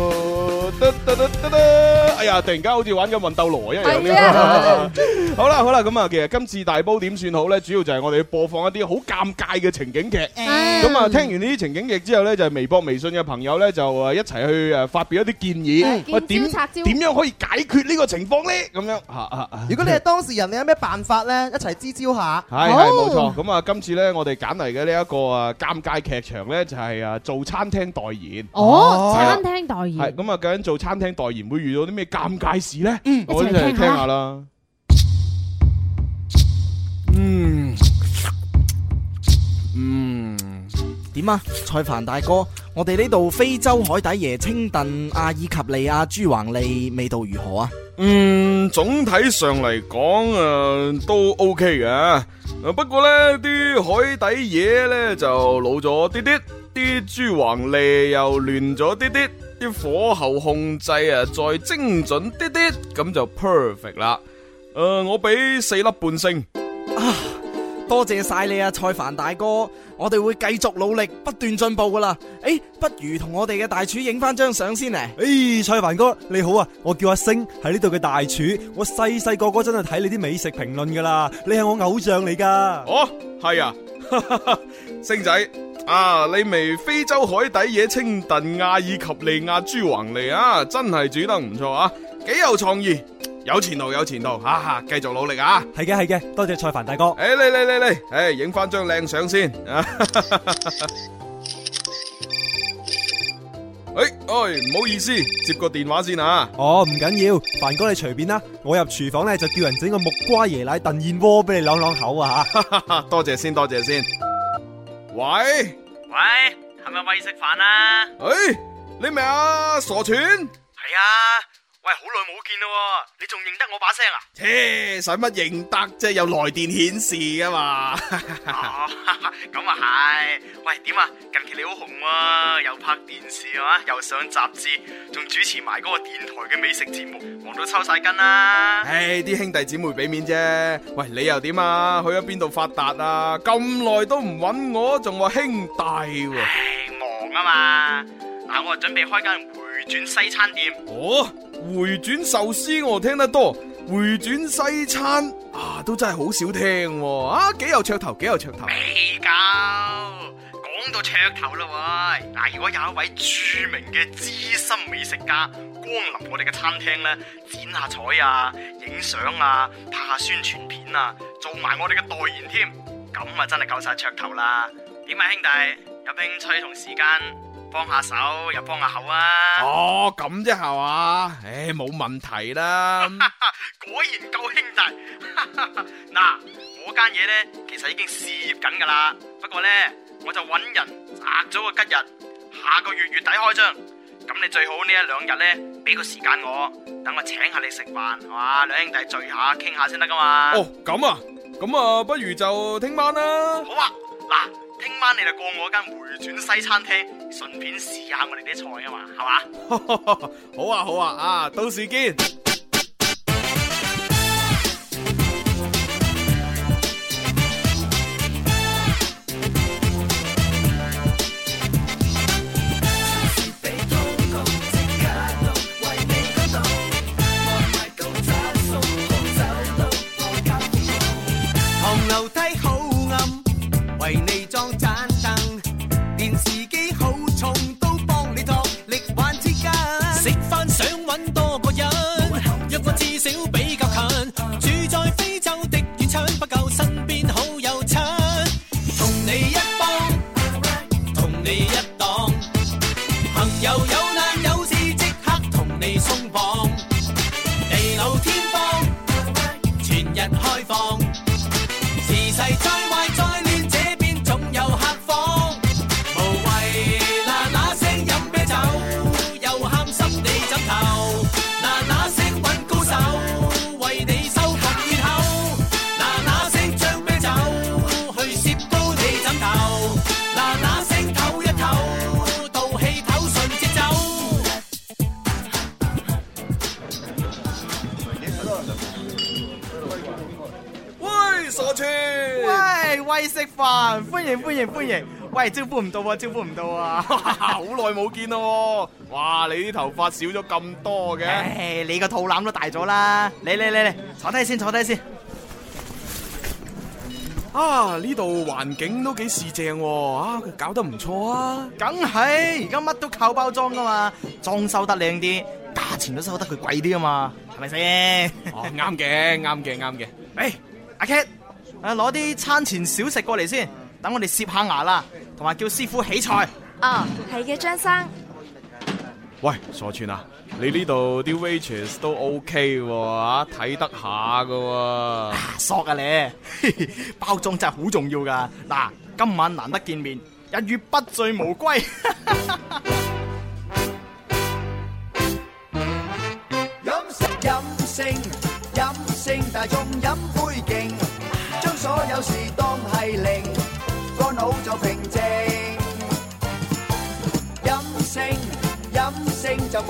哎呀，突然間好似玩緊《魂斗羅》一樣。好啦好啦，咁啊，其實今次大煲點算好呢？主要就係我哋要播放一啲好尷尬嘅情景劇。咁啊，聽完呢啲情景劇之後呢，就係微博、微信嘅朋友呢，就一齊去誒發表一啲建議，我點點樣可以解決呢個情況呢？咁樣如果你係當事人，你有咩辦法呢？一齊支招下。係係冇錯。咁啊，今次呢，我哋揀嚟嘅呢一個啊尷尬劇場呢，就係啊做餐廳代言。哦，餐廳代言。咁啊，做餐廳代言會遇到啲咩尷尬事咧？嗯、我一齊聽下啦、嗯。嗯嗯，點啊，蔡凡大哥，我哋呢度非洲海底椰清燉阿爾及利亞豬橫脷味道如何啊？嗯，總體上嚟講誒都 OK 嘅。不過呢啲海底椰呢，就老咗啲啲，啲豬橫脷又嫩咗啲啲。啲火候控制啊，再精準啲啲，咁就 perfect 啦。誒、呃，我俾四粒半星。啊，多謝晒你啊，蔡凡大哥，我哋會繼續努力，不斷進步噶啦。誒、欸，不如同我哋嘅大廚影翻張相先咧。誒、哎，蔡凡哥你好啊，我叫阿星，喺呢度嘅大廚，我細細個嗰陣真係睇你啲美食評論噶啦，你係我偶像嚟噶。哦，係啊，哈哈 星仔。啊！你微非洲海底野青燉亞爾及利亞豬橫脷嚟啊！真係煮得唔錯啊，幾有創意，有前途有前途哈哈，繼、啊、續努力啊！係嘅係嘅，多謝蔡凡大哥。誒嚟嚟嚟嚟，誒影翻張靚相先啊！誒唔、 哎哎、好意思，接個電話先啊。哦，唔緊要，凡哥你隨便啦，我入廚房呢，就叫人整個木瓜椰奶燉燕窩俾你兩兩口啊！ 多謝先，多謝先。喂？喂，係咪可以食飯啦？哎，你係咪傻串？係啊。喂，好耐冇見咯，你仲認得我把聲啊？切，使乜認得啫？有來電顯示㗎嘛。咁啊係。喂，點啊？近期你好紅喎、啊，又拍電視係、啊、又上雜誌，仲主持埋嗰個電台嘅美食節目，忙到抽晒筋啦、啊。唉、哎，啲兄弟姊妹俾面啫。喂，你又點啊？去咗邊度發達啊？咁耐都唔搵我，仲話兄弟、啊。唉，忙啊嘛。嗱，我啊準備開間。回轉西餐店哦，回轉壽司我聽得多，回轉西餐啊都真係好少聽喎、啊，啊幾有噱頭，幾有噱頭。未夠，講到噱頭啦，嗱、呃，如果有一位著名嘅資深美食家光臨我哋嘅餐廳咧，剪下彩啊，影相啊，拍下宣傳片啊，做埋我哋嘅代言添，咁啊真係夠晒噱頭啦。點啊兄弟，有興趣同時間？幫下手又幫下口啊！哦，咁啫係嘛，唉、哎，冇問題啦。 果然夠兄弟。嗱， 我間嘢咧其實已經試業緊噶啦，不過咧我就揾人擇咗個吉日，下個月月底開張。咁你最好兩呢一兩日咧俾個時間我，等我請下你食飯，哇，兩兄弟聚下傾下先得噶嘛。哦，咁啊，咁啊，不如就聽晚啦。好啊，嗱。聽晚你就過我間回轉西餐廳，順便試下我哋啲菜啊嘛，係嘛？ 好啊，好啊，啊，到時見。招呼唔到啊！招呼唔到啊！好耐冇見咯，啊，哇！你啲頭髮少咗咁多嘅，哎？你個肚腩都大咗啦！嚟嚟嚟嚟，坐低先，坐低先啊啊。啊，呢度環境都幾市正喎，啊，佢搞得唔錯啊！梗係，而家乜都靠包裝噶嘛，裝修得靚啲，價錢都收得佢貴啲啊嘛，係咪先？啱嘅，哦，啱嘅， 啱嘅。哎，阿 Ken，誒、啊，攞啲餐前小食過嚟先，等我哋攝下牙啦。同埋叫師傅起菜。哦，係嘅，張生。喂，傻串啊！你呢度啲 waitress 都 OK 喎，嚇睇得下嘅喎。索啊你！包裝真係好重要噶。嗱，今晚難得見面，一於不醉無歸。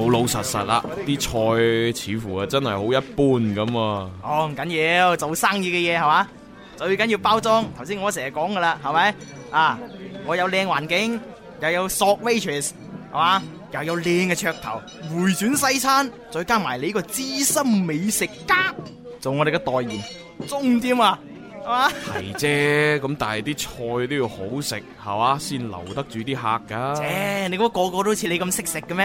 老老實實啦，啲菜似乎啊真係好一般咁啊！哦，唔緊要，做生意嘅嘢係嘛，最緊要包裝。頭先我成日講噶啦，係咪啊？我有靚環境，又有 short waiters，係嘛，又有靚嘅噱頭，回轉西餐，再加埋你呢個資深美食家做我哋嘅代言。重添啊！係啫，咁 但係啲菜都要好食，係嘛，先留得住啲客噶、啊。切， 你估個個都似你咁識食嘅咩？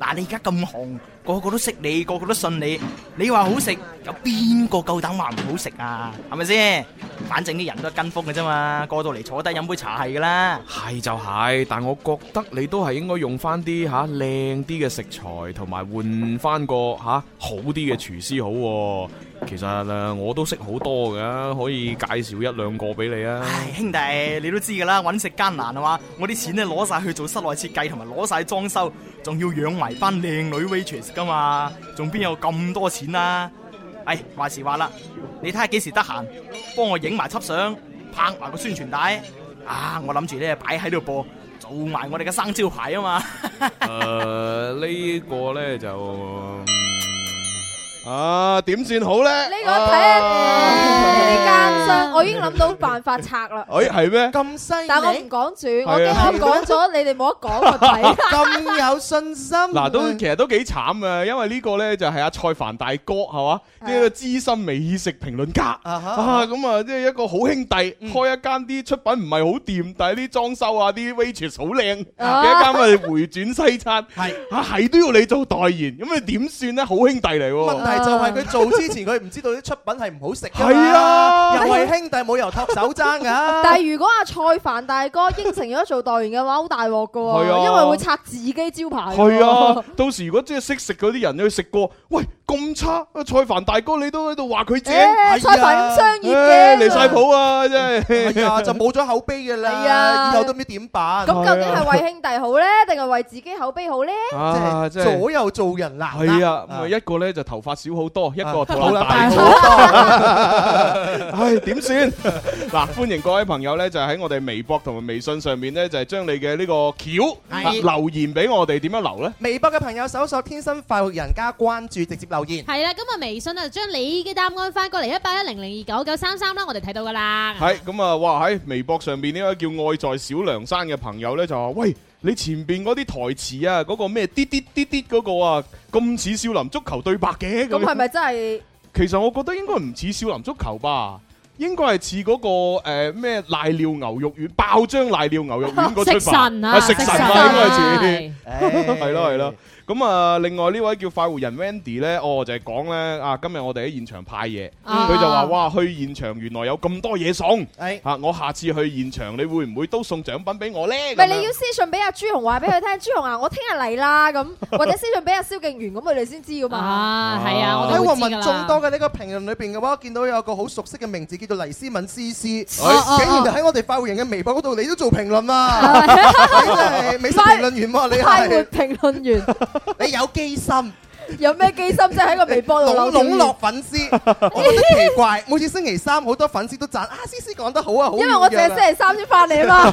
嗱、啊，你而家咁紅，個個都識你，個個都信你，你話好食，有邊個夠膽話唔好食啊？係咪先？反正啲人都係跟風嘅啫嘛，過到嚟坐低飲杯茶係噶啦。係就係、是，但係我覺得你都係應該用翻啲吓靚啲嘅食材，同埋換翻個吓、啊、好啲嘅廚師好、啊。 其實誒、啊，我都識好多嘅，可以介紹一兩個俾你啊！唉，兄弟，你都知噶啦，搵食艱難啊嘛！我啲錢咧攞晒去做室內設計，同埋攞晒裝修，仲要養埋翻靚女 waitress 噶嘛，仲邊有咁多錢啊？唉，話時話啦，你睇下幾時得閒，幫我影埋輯相，拍埋個宣傳帶啊！我諗住咧擺喺度播，做埋我哋嘅生招牌啊嘛！誒、 呃，這個、呢個咧就。呃啊，點算好咧？呢個睇呢間商，我已經諗到辦法拆啦。誒，係咩？咁犀利！但係我唔講住，我啱講咗，你哋冇得講個睇。咁有信心。嗱，都其實都幾慘嘅，因為呢個咧就係阿蔡凡大哥係嘛，呢個資深美食評論家啊，咁啊即係一個好兄弟，開一間啲出品唔係好掂，但係啲裝修啊啲 waitress 好靚嘅一間，咪回轉西餐係啊，係都要你做代言，咁你點算咧？好兄弟嚟。就係佢做之前，佢唔知道啲出品係唔好食嘅。係啊，又係兄弟冇由託手踭㗎。但係如果阿蔡凡大哥應承咗做代言嘅話，好大鑊嘅喎，因為會拆自己招牌。係啊，到時如果即係識食嗰啲人去食過，喂咁差，蔡凡大哥你都喺度話佢正，蔡凡咁商業嘅離晒譜啊，真係係啊，就冇咗口碑嘅啦。係啊，以後都唔知點辦。咁究竟係為兄弟好咧，定係為自己口碑好咧？啊，即係左右做人難。係啊，咪一個咧就頭髮，少好多，一個土樓大好多。唉，點算？嗱，歡迎各位朋友咧，就喺我哋微博同埋微信上面咧，就係將你嘅呢個橋留言俾我哋，點樣留咧？微博嘅朋友搜索「天生快活人家」關注，直接留言。係啦，咁啊，微信啊，將你嘅答案翻過嚟一八一零零二九九三三啦，我哋睇到噶啦。係咁啊，哇！喺微博上面呢位叫愛在小梁山嘅朋友咧，就話喂。你前邊嗰啲台詞啊，嗰、嗰個咩啲啲啲啲嗰個啊，咁似少林足球對白嘅咁，係咪真係？其實我覺得應該唔似少林足球吧，應該係似嗰個誒咩瀨尿牛肉丸爆漿瀨尿牛肉丸個出神啊，啊！食神啊應該，神啊應該似，係咯係咯。唉 咁啊，另外呢位叫快活人 Wendy 咧，哦就係講咧啊，今日我哋喺現場派嘢，佢就話哇去現場原來有咁多嘢送，吓我下次去現場你會唔會都送獎品俾我咧？係你要私信俾阿朱紅話俾佢聽，朱紅啊，我聽日嚟啦咁，或者私信俾阿蕭敬元咁，佢哋先知噶嘛？係啊，喺網民眾多嘅呢個評論裏邊嘅話，見到有個好熟悉嘅名字叫做黎思敏思思，竟然喺我哋快活人嘅微博嗰度，你都做評論啊？快活評論員喎，你係。你有機心。 有咩機心即係喺個微博度籠、籠絡粉絲， 我覺得奇怪。每次星期三好多粉絲都讚啊，思思講得好啊，好啊。因為我淨係星期三先翻嚟啊嘛，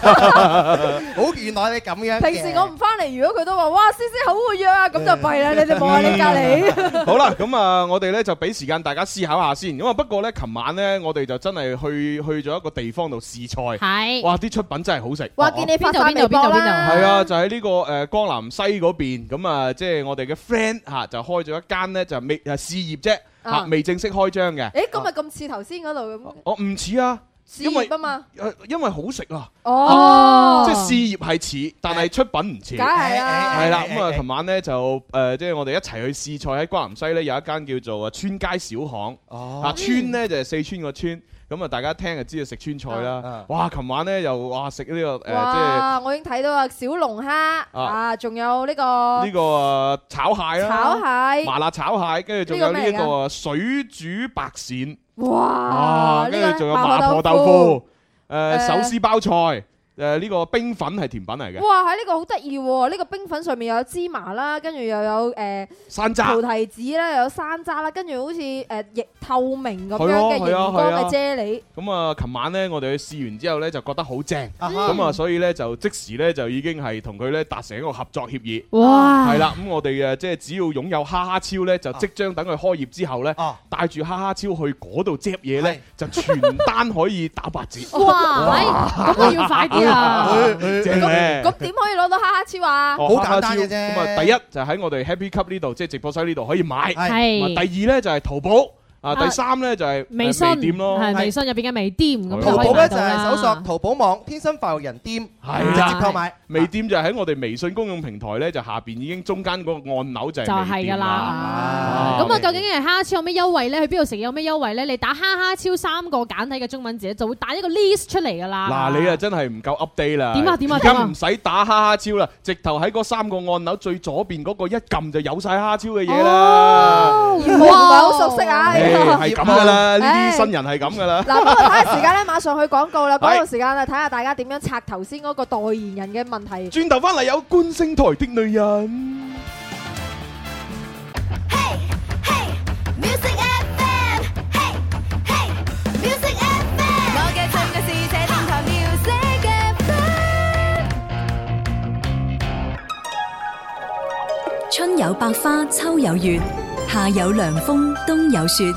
好 原來你咁樣。平時我唔翻嚟，如果佢都話哇思思好活躍啊，咁就弊啦。你哋望下你隔離。 好啦，咁啊，我哋咧就俾時間大家思考下先。咁啊，不過咧，琴晚咧我哋就真係去去咗一個地方度試菜。係哇，啲出品真係好食。哇是！啊、見你邊度邊度邊度邊度。係 啊，就喺呢個誒江南西嗰邊。咁啊，即係我哋嘅 friend 嚇就。開咗一間咧就未啊試業啫嚇，啊啊，未正式開張嘅。誒，咁咪咁似頭先嗰度咁？我唔似啊，試業啊嘛、啊，因為好食啊。哦，啊、即係試業係似，但係出品唔似。梗係啦。係啦，哎哎哎哎，咁啊，琴、嗯、晚咧就誒，即、呃、係、就是、我哋一齊去試菜喺江南西咧，有一間叫做啊川街小巷。哦，川咧、啊、就係、是、四川個川。咁啊，大家聽就知道食川菜啦！哇，琴晚咧又、這個呃、哇食呢個誒，即係是我已經睇到啊，小龍蝦啊，仲有呢、這個呢個炒蟹啦，炒蟹麻辣炒蟹，跟住仲有呢、這個、個水煮白鱔，哇！跟住仲有麻婆豆腐，誒、這個呃、手撕包菜。誒呢個冰粉係甜品嚟嘅。哇！喺呢個好得意喎，呢個冰粉上面又有芝麻啦，跟住又有誒山楂、菩提子啦，又有山楂啦，跟住好似誒液透明咁樣嘅圓光嘅啫喱。咁啊，琴晚咧我哋去試完之後咧就覺得好正，咁啊所以咧就即時咧就已經係同佢咧達成一個合作協議。哇！係啦，咁我哋誒即係只要擁有哈哈超咧，就即將等佢開業之後咧，帶住哈哈超去嗰度摘嘢咧，就全單可以打八折。哇！咁啊要快啲。啊！咁點是可以攞到哈哈超啊？好、嗯、簡單嘅啫蜜。咁啊已，第一就喺、是、我哋 Happy Club 呢度，即、就、係、是、直播室呢度可以買。係是。第二咧就係、是、淘寶。啊！第三咧就係微信微店咯，係微信入邊嘅微店。淘寶咧就係搜索淘寶網天生快活人店，係啊，直接購買。微店就喺我哋微信公眾平台咧，就下邊已經中間個按鈕就係微店啦。咁啊，究竟係哈超有咩優惠咧？去邊度食有咩優惠咧？你打哈哈超三個簡體嘅中文字，就會打一個 list 出嚟噶啦。嗱，你啊真係唔夠 update 啦。點啊點啊，而家唔使打哈哈超啦，直頭喺嗰三個按鈕最左邊嗰個一撳就有晒哈超嘅嘢啦。好好熟悉啊。係咁噶啦，呢啲新人係咁噶啦。嗱，不過睇下時間咧，馬上去廣告啦。廣告時間啊，睇下大家點樣拆頭先嗰個代言人嘅問題。轉頭翻嚟有觀星台的女人。Hey Hey Music FM Hey Hey Music FM 我嘅對象是這電台 Music FM 春有百花，秋有月。夏有涼風，冬有雪，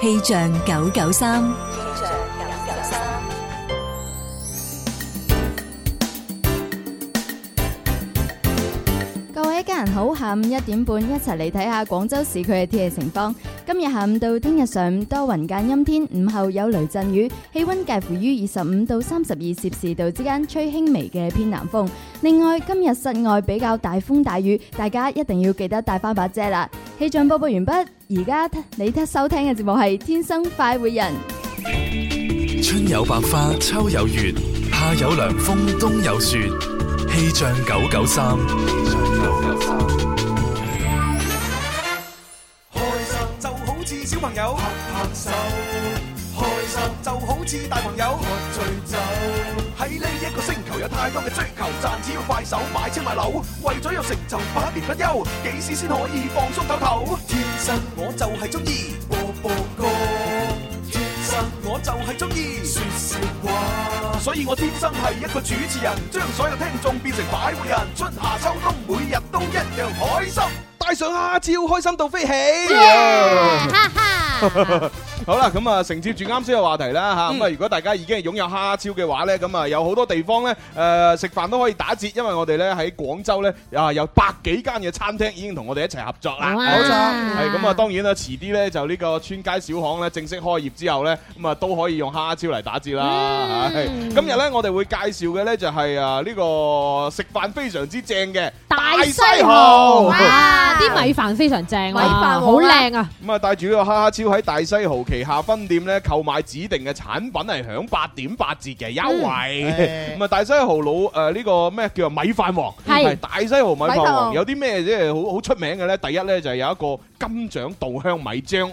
氣象九九三。氣象九九三。各位一家人好，下午一點半，一齊嚟睇下廣州市區嘅天氣情況。今日下午到聽日上午多雲間陰天，午後有雷陣雨，氣溫介乎於二十五到三十二攝氏度之間，吹輕微嘅偏南風。另外，今日室外比較大風大雨，大家一定要記得帶翻把遮啦。氣象播報，報完畢，而家你聽收聽嘅節目係《天生快活人》。春有百花，秋有月，夏有涼風，冬有雪。氣象九九三。朋友拍拍手，開心就好似大朋友。喝醉酒，喺呢一個星球有太多嘅追求，賺錢要快手，買車買樓，為咗有成就百變，不眠不休。幾時先可以放鬆唞唞？天生我就係鍾意播播歌，天生我就係鍾意説笑話。所以我天生係一個主持人，將所有聽眾變成快活人。春夏秋冬，每日都一樣開心。上蝦超，開心到飛起！笑 indo 好啦，咁啊承接住啱先嘅話題啦嚇，咁啊如果大家已經係擁有蝦超嘅話呢，咁啊有好多地方呢，誒食飯都可以打折，因為我哋呢喺廣州呢，啊有百幾間嘅餐廳已經同我哋一齊合作啦，冇錯，係咁啊當然啦，遲啲呢，就呢個村街小巷呢，正式開業之後呢，咁啊都可以用蝦超嚟打折啦。今日呢，我哋會介紹嘅呢就係啊呢個食飯非常之正嘅大西豪哇，啲米飯非常正，米飯好靚啊，咁啊帶住呢個蝦超。喺大西豪旗下分店咧，購買指定嘅產品係響八點八折嘅優惠。咁啊、嗯， 大西豪老誒呢、呃這個咩叫米飯王係是大西豪米飯王，米飯王有啲咩即係好好出名嘅咧？第一咧就係、是、有一個金獎稻香米漿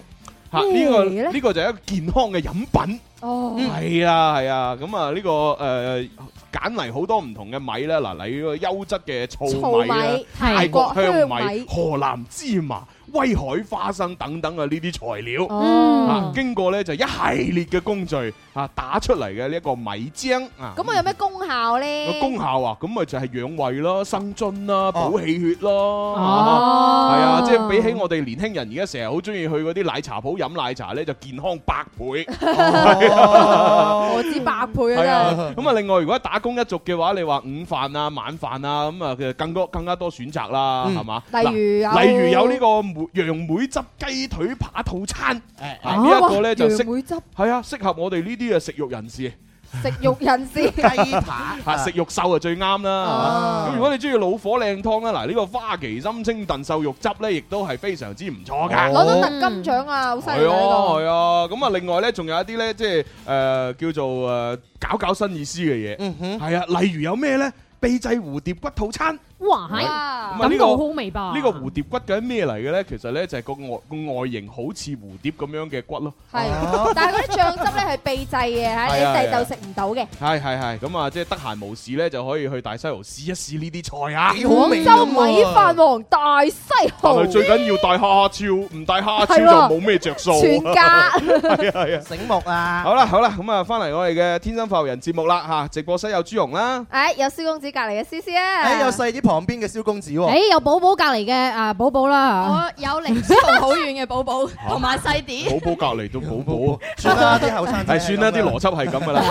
吓，呢、嗯啊這個呢、這個就一個健康嘅飲品哦，係啊係啊。咁啊呢、這個誒揀嚟好多唔同嘅米咧，嗱、呃、例如優質嘅糙米、泰國香米、河南芝麻。威海花生等等嘅呢啲材料，嗯、啊，經過咧就一系列嘅工序啊，打出嚟嘅呢一個米漿啊，咁啊、嗯、有咩功效呢？咧？功效啊，咁咪就係養胃啦、生津啦、補氣血啦，係啊，即係、啊啊就是、比起我哋年輕人而家成日好中意去嗰啲奶茶鋪飲奶茶呢，就健康百倍，何止百倍啊，真係。咁啊，另外如果打工一族嘅話，你話午飯啊、晚飯啊，咁、嗯、啊，其實更多更加多選擇啦，係嘛？例如、嗯，例如有呢、這個。楊梅汁雞腿扒套餐，呢、啊、一個咧就食梅汁，係啊，適合我哋呢啲嘅食肉人士。食肉人士雞扒、 啊，食肉獸啊最啱啦。咁、啊、如果你中意老火靚湯咧，嗱、這、呢個花旗參清燉瘦肉汁咧，亦都係非常之唔錯噶。攞到特金獎啊，好犀利啊！係啊，咁啊，另外咧，仲有一啲咧，即係誒，叫做誒，搞搞新意思嘅嘢。嗯哼，係啊，例如有咩咧？秘製蝴蝶骨套餐。哇，呢都、啊嗯、好好味吧？呢個蝴蝶骨嘅咩嚟嘅咧？其實咧就係個外個外形好似蝴蝶咁樣嘅骨咯。係、啊， 但係嗰啲醬汁咧係秘製嘅，嚇 你第日就食唔到嘅。係係係，咁、嗯、啊、嗯嗯嗯嗯、即係得閒無事咧就可以去大西豪試一試呢啲菜啊！廣、啊、州米飯王大西豪，最緊要帶蝦超，唔帶蝦超就冇咩着數。全家係啊，醒目啊！好啦好啦，咁啊翻嚟我哋嘅天生快活人節目啦吓，直播室有朱融啦，誒、哎、有蕭公子隔離嘅思思啊，誒、哎、有細啲。旁邊嘅蕭公子喎，有寶寶隔離嘅啊寶寶啦，我有離得好遠嘅寶寶，同埋細啲寶寶隔離到寶寶，算啦啲後生仔，係算啦啲邏輯係咁噶啦。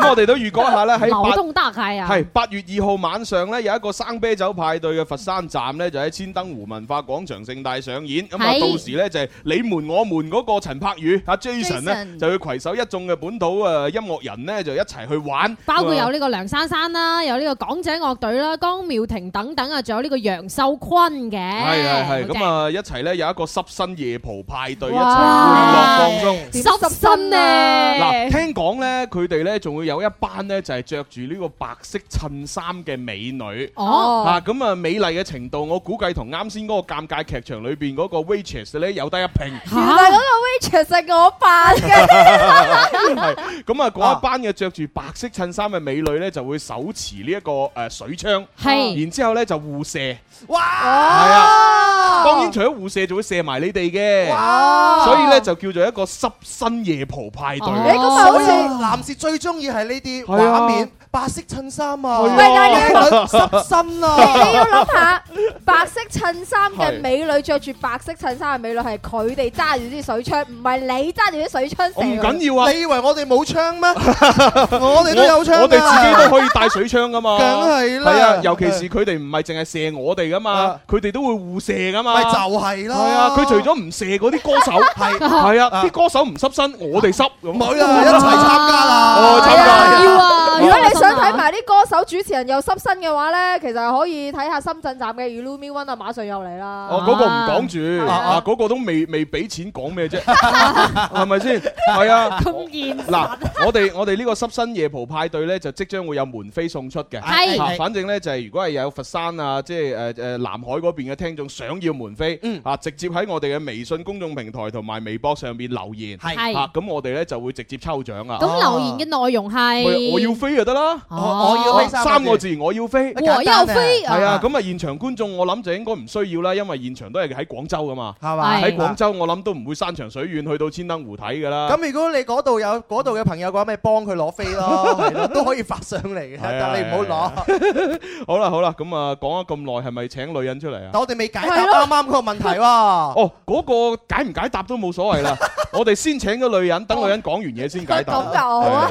咁我哋都預告下咧，喺德係啊。係八月二號晚上咧有一個生啤酒派對嘅佛山站咧就喺千燈湖文化廣場盛大上演。咁啊到時咧就係你瞞我瞞嗰個陳柏宇阿 Jason 呢，就去攜手一眾嘅本土誒音樂人呢，就一齊去玩，包括有呢個梁珊珊啦，有呢個港姐樂隊啦，江妙婷，等等啊，仲有呢個楊秀坤嘅，係係係，咁啊棒一齊咧有一個濕身夜蒲派對，哇一齊喺娛樂當中，濕身咧。嗱，聽講咧，佢哋咧仲會有一班咧就係着住呢個白色襯衫嘅美女，哦，嗱咁啊美麗嘅程度，我估計同啱先嗰個尷尬劇場裏邊嗰個 waitress 咧有得一拼。啊、原來嗰個 waitress 係我扮嘅，咁啊嗰一班嘅着住白色襯衫嘅美女咧就會手持呢一個誒水槍，係是，之後咧就互射，哇！係啊，當然除咗互射，就會射埋你哋嘅，哇所以咧就叫做一個濕身夜蒲派對。你講得好似男士最中意係呢啲畫面。白色襯衫啊，唔係啊，濕身啊！你要諗下，白色襯衫嘅美女，着住白色襯衫嘅美女，係佢哋揸住啲水槍，唔係你揸住啲水槍射。唔緊要啊！你以為我哋冇槍咩？我哋都有槍㗎，我哋自己都可以帶水槍㗎嘛！梗係啦，係啊，尤其是佢哋唔係淨係射我哋㗎嘛，佢哋都會互射㗎嘛。咪就係啦！係啊，佢除咗唔射嗰啲歌手，係係啊，啲歌手唔濕身，我哋濕咁啊，一齊參加啊！參加要啊！如果你想睇埋啲歌手主持人又濕身嘅話咧，其實可以睇下深圳站嘅《Illuminate》啊，馬上又嚟啦！哦、啊，嗰個唔講住啊，啊，啊、嗰個都未未俾錢講咩啫，係咪先？係啊！嗱、啊，我哋我哋呢個濕身夜蒲派對咧，就即將會有門飛送出嘅。係是，反正咧就係、是、如果係有佛山啊，即係誒誒南海嗰邊嘅聽眾想要門飛、嗯、啊直接喺我哋嘅微信公眾平台同埋微博上邊留言，係是啊，咁我哋咧就會直接抽獎啊！咁留言嘅內容係我要飛就得啦。我要飛三個字，我要飛，我要飛，係啊，咁啊，現場觀眾我諗就應該唔需要啦，因為現場都係喺廣州噶嘛，係咪？喺廣州我諗都唔會山長水遠去到千燈湖睇噶啦。咁如果你嗰度有嗰度嘅朋友嘅話，咪幫佢攞飛咯，係咯，都可以發上嚟嘅，但係你唔好攞。好啦好啦，咁啊，講咗咁耐，係咪請女人出嚟啊？我哋未解答啱啱嗰個問題喎。哦，嗰個解唔解答都冇所謂啦，我哋先請個女人，等女人講完嘢先解答。咁噶？我啊？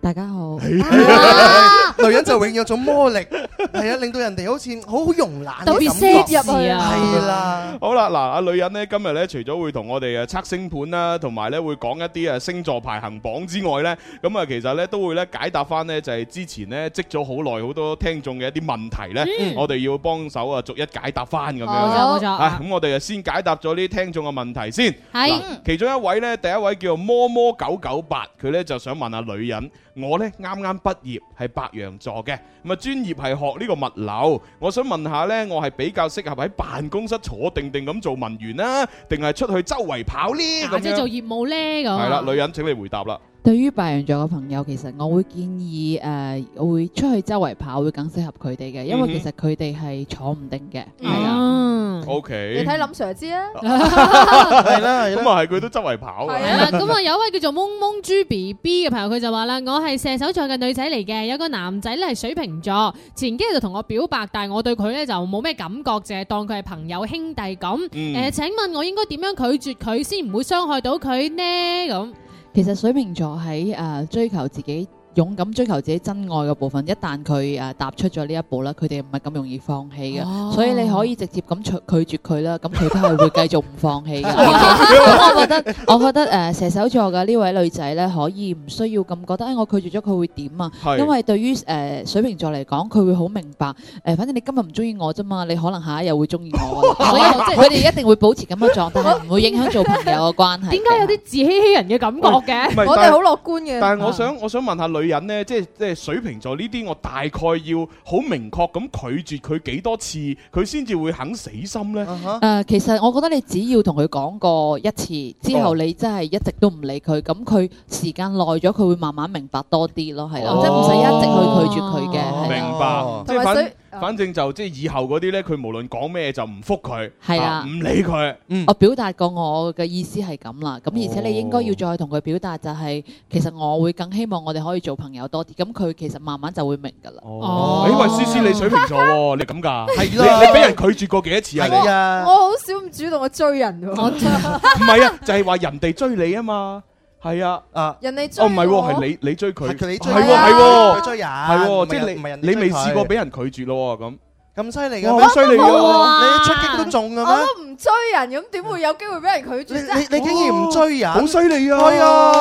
大家好，啊、女人就永有種魔力，係啊，令到人哋好似好好慵懶，特別深入啊，係啦。好啦，嗱，阿女人呢，今日呢，除咗會同我哋誒測星盤啦，同埋咧會講一啲誒星座排行榜之外呢，咁啊，其實呢，都會咧解答翻呢，就係之前呢，積咗好耐好多聽眾嘅一啲問題呢，嗯、我哋要幫手啊逐一解答翻咁樣，冇冇錯。咁、哦、我哋啊先解答咗呢啲聽眾嘅問題先，係。嗯、其中一位呢，第一位叫做摸摸九九八，佢呢就想問下女人。我呢，啱啱畢業係白羊座嘅，咁啊專業係學呢個物流。我想問下呢，我係比較適合喺辦公室坐定定咁做文員啦，啊，定係出去周圍跑呢？或者做業務呢？咁係啦，女人請你回答啦。對於白羊座嘅朋友，其實我會建議誒，uh, 我會出去周圍跑會更適合佢哋嘅，因為其實佢哋係坐唔定嘅，係啊。O K，你睇林 sir 知啊，係啦。 咁啊，係佢都周圍跑。係啦，咁啊，有一位叫做懵懵豬 B B 嘅朋友，佢就話啦，我係射手座嘅女仔嚟嘅，有個男仔咧係水瓶座，前幾日就同我表白，但係我對佢咧就冇咩感覺，淨係當佢係朋友兄弟咁。誒、嗯呃，請問我應該點樣拒絕佢先唔會傷害到佢呢？咁其實水瓶座喺誒追求自己。勇敢追求自己真愛嘅部分，一旦佢誒踏出咗呢一步啦，佢哋唔係咁容易放棄嘅，所以你可以直接咁拒絕佢啦，咁佢都係會繼續唔放棄嘅。咁我覺得，我覺得誒射手座嘅呢位女仔咧，可以唔需要咁覺得，誒我拒絕咗佢會點啊？因為對於誒水瓶座嚟講，佢會好明白誒，反正你今日唔中意我啫嘛，你可能下一日會中意我，所以即係佢哋一定會保持咁嘅狀態，唔會影響做朋友嘅關係。點解有啲自欺欺人嘅感覺嘅？我哋好樂觀嘅。但係我想，我想問下女。人咧，即係即係水瓶座呢啲，我大概要好明確咁拒絕佢幾多次，佢先至會肯死心咧。誒、uh，huh. uh, 其實我覺得你只要同佢講過一次之後，你真係一直都唔理佢，咁佢、oh. 時間耐咗，佢會慢慢明白多啲咯，係啦，即係唔使一直去拒絕佢嘅。Oh. 的明白。反正就即係以後嗰啲呢，佢無論講咩就唔覆佢，係啊，唔理佢。嗯，我表達過我嘅意思係咁啦。咁而且你應該要再同佢表達，就係其實我會更希望我哋可以做朋友多啲。咁佢其實慢慢就會明㗎啦。哦，哎，喂，思思你水瓶座，你咁㗎？係你俾人拒絕過幾多次啊？你啊，我好少唔主動去追人㗎。唔係啊，就係話人哋追你啊嘛。係啊，哦、啊，人你追，哦唔係，係你你追佢，係係係，佢追人，係，即係你你未試過俾人拒絕咯咁。他咁犀利嘅，好犀利嘅，你出擊都中嘅咩？我都唔追人，咁點會有機會俾人拒絕啫？你你竟然唔追人，好犀利啊！係啊，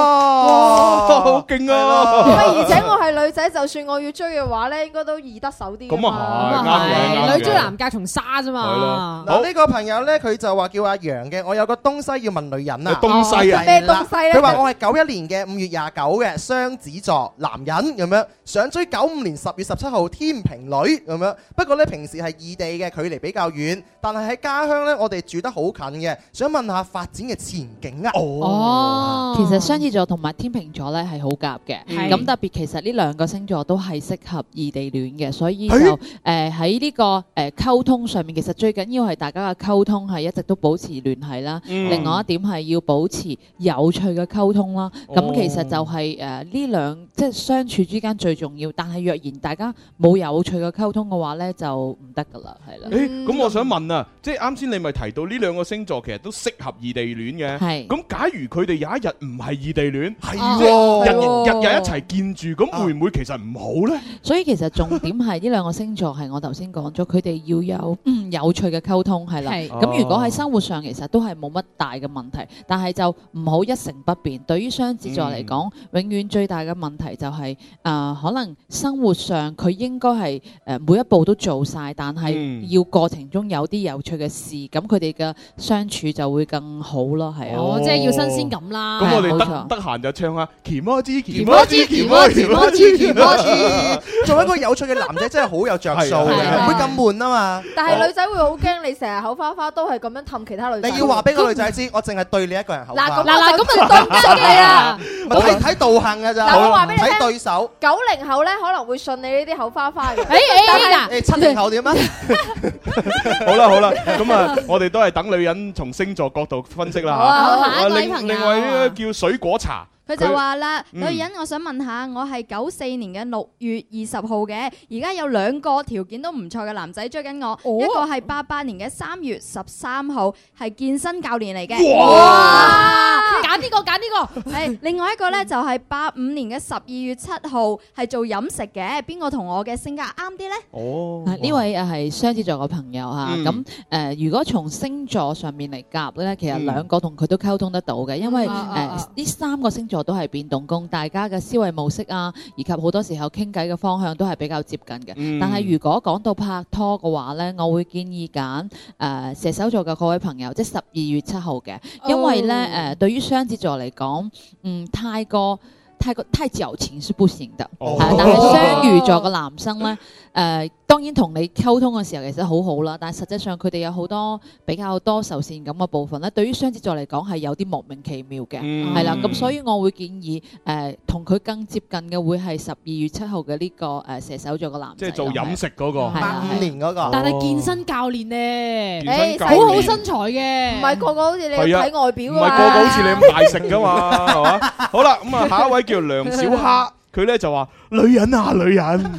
哇，好勁啊！而且我係女仔，就算我要追嘅話咧，應該都易得手啲。咁啊係啱嘅，女追男隔重紗啫嘛。係咯。嗱，呢個朋友咧，佢就話叫阿楊嘅，我有個東西要問女人啊。東西啊？咩東西咧？佢話我係九一年嘅五月廿九嘅雙子座男人咁樣，想追九五年十月十七號天秤女咁樣，不過咧平時係異地嘅距離比較遠，但係喺家鄉呢，我哋住得好近嘅。想問下發展嘅前景啊！哦，哦其實雙子座同埋天秤座呢係好夾嘅，咁是特別其實呢兩個星座都係適合異地戀嘅，所以就誒喺呢個誒、呃、溝通上面，其實最緊要係大家嘅溝通係一直都保持聯繫啦。嗯、另外一點係要保持有趣嘅溝通啦。咁、嗯、其實就係誒呢兩即係相處之間最重要，但係若然大家冇有，有趣嘅溝通嘅話呢，就唔得㗎喇，係啦。咁我想問啊，即係啱先你咪提到呢兩個星座其實都適合異地戀嘅。係咁，假如佢哋有一日唔係異地戀，係即日日日日一齊見住，咁會唔會其實唔好呢？所以其實重點係呢兩個星座係我頭先講咗，佢哋要有有趣嘅溝通係，啦。咁如果喺生活上其實都係冇乜大嘅問題，但係就唔好一成不變。對於雙子座嚟講，永遠最大嘅問題就係誒，可能生活上佢應該係誒每一步都做。但係要過程中有啲有趣嘅事，咁佢哋嘅相處就會更好咯，係啊！哦，即係要新鮮感啦。咁我哋得得閒就唱下《甜魔之甜》。甜魔之甜魔之甜魔之甜魔之。做一個有趣嘅男仔，真係好有着數嘅，唔會咁悶啊嘛。但係女仔會好驚你成日口花花，都係咁樣氹其他女仔。你要話俾個女仔知，我淨係對你一個人口花花。嗱嗱嗱，咁就當機啊！我睇道行㗎咋？我話俾你睇對手。九零後咧，可能會信你呢啲口花花嘅。誒誒誒，七零後。點啊 好啦好啦，咁啊， 我哋都係等女人從星座角度分析啦吓。另另外呢個叫水果茶。佢就話啦，女人，我想問下，我係九四年嘅六月二十號嘅，而家有兩個條件都唔錯嘅男仔追緊我，一個係八八年嘅三月十三號，係健身教練嚟嘅，哇，揀呢個揀呢個，係另外一個咧就係八五年嘅十二月七號，係做飲食嘅，邊個同我嘅性格啱啲咧？哦，啊呢位係雙子座嘅朋友吓，咁誒如果從星座上面嚟夾咧，其實兩個同佢都溝通得到嘅，因為誒呢三個星座。都係變動工，大家嘅思維模式啊，以及好多時候傾偈嘅方向都係比較接近嘅。嗯、但係如果講到拍拖嘅話呢，我會建議揀誒射手座嘅各位朋友，即係十二月七號嘅，因為呢，誒、um 呃、對於雙子座嚟講，嗯太過太過太矯情是不行的。Oh、但係雙魚座嘅男生呢。Oh 誒當然同你溝通嘅時候，其實好好啦，但係實際上佢哋有好多比較多愁善感嘅部分咧。對於雙子座嚟講係有啲莫名其妙嘅，係啦。咁所以我會建議誒同佢更接近嘅會係十二月七號嘅呢個誒射手座嘅男。即係做飲食嗰個，係啦，五年嗰個。但係健身教練咧，健身好好身材嘅，唔係個個好似你睇外表㗎。唔係個個好似你咁大食㗎嘛，係嘛？好啦，咁啊下一位叫梁小黑，佢咧就話。女人啊，女人！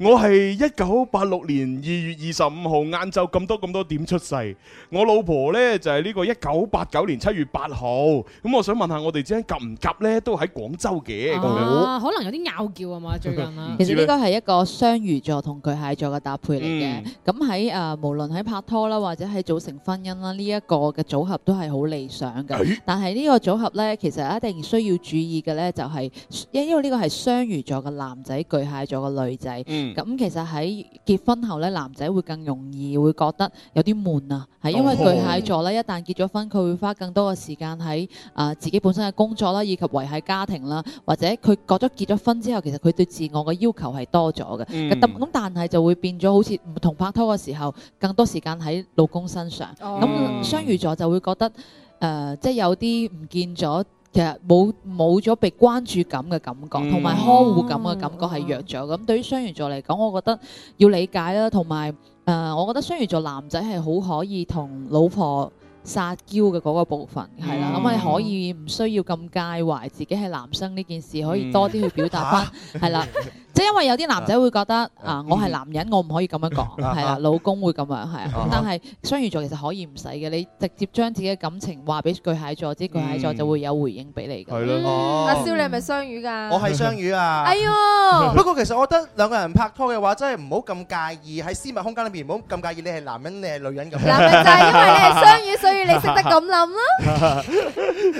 我係一九八六年二月二十五號晏晝咁多咁多點出世。我老婆咧就係、是、呢個一九八九年七月八號。咁、嗯、我想問，問下，我哋之間夾唔夾咧？都喺廣州嘅。嗯、啊，可能有啲拗撬啊嘛最近啊。其實呢個係一個雙魚座同巨蟹座嘅搭配嚟嘅。咁喺誒，無論喺拍拖啦，或者係組成婚姻啦，呢一個嘅組合都係好理想嘅。哎、但係呢個組合咧，其實一定需要注意嘅咧，就是，就係因為呢個係雙魚座嘅男。男仔巨蟹座個女仔，咁、嗯、其實喺結婚後咧，男仔會更容易會覺得有啲悶啊，係因為巨蟹座咧，一旦結咗婚，佢會花更多嘅時間喺啊自己本身嘅工作啦，以及維繫家庭啦，或者佢覺得結咗婚之後，其實佢對自我嘅要求係多咗嘅，咁、嗯、但係就會變咗好似唔同拍拖嘅時候，更多時間喺老公身上，咁雙魚座就會覺得誒、呃，即係有啲唔見咗。其實冇冇咗被關注感嘅感覺，同埋呵護感嘅感覺係弱咗。咁、啊啊、對於雙魚座嚟講，我覺得要理解啦，同埋誒，我覺得雙魚座男仔係好可以同老婆撒嬌嘅嗰個部分，係、嗯、啦，咁、嗯、你可以唔需要咁介懷自己係男生呢件事，可以多啲去表達翻，係、嗯、 啦。 因為有啲男仔會覺得啊，我係男人，我唔可以咁樣講，係啦，老公會咁樣係啊。咁但係雙魚座其實可以唔使嘅，你直接將自己嘅感情話俾巨蟹座知，巨蟹座就會有回應俾你嘅。係咯，阿蕭你係咪雙魚㗎？我係雙魚啊！哎呦，不過其實我覺得兩個人拍拖嘅話，真係唔好咁介意喺私密空間裏面，唔好咁介意你係男人，你係女人咁樣。男人，就係因為你係雙魚，所以你識得咁諗啦。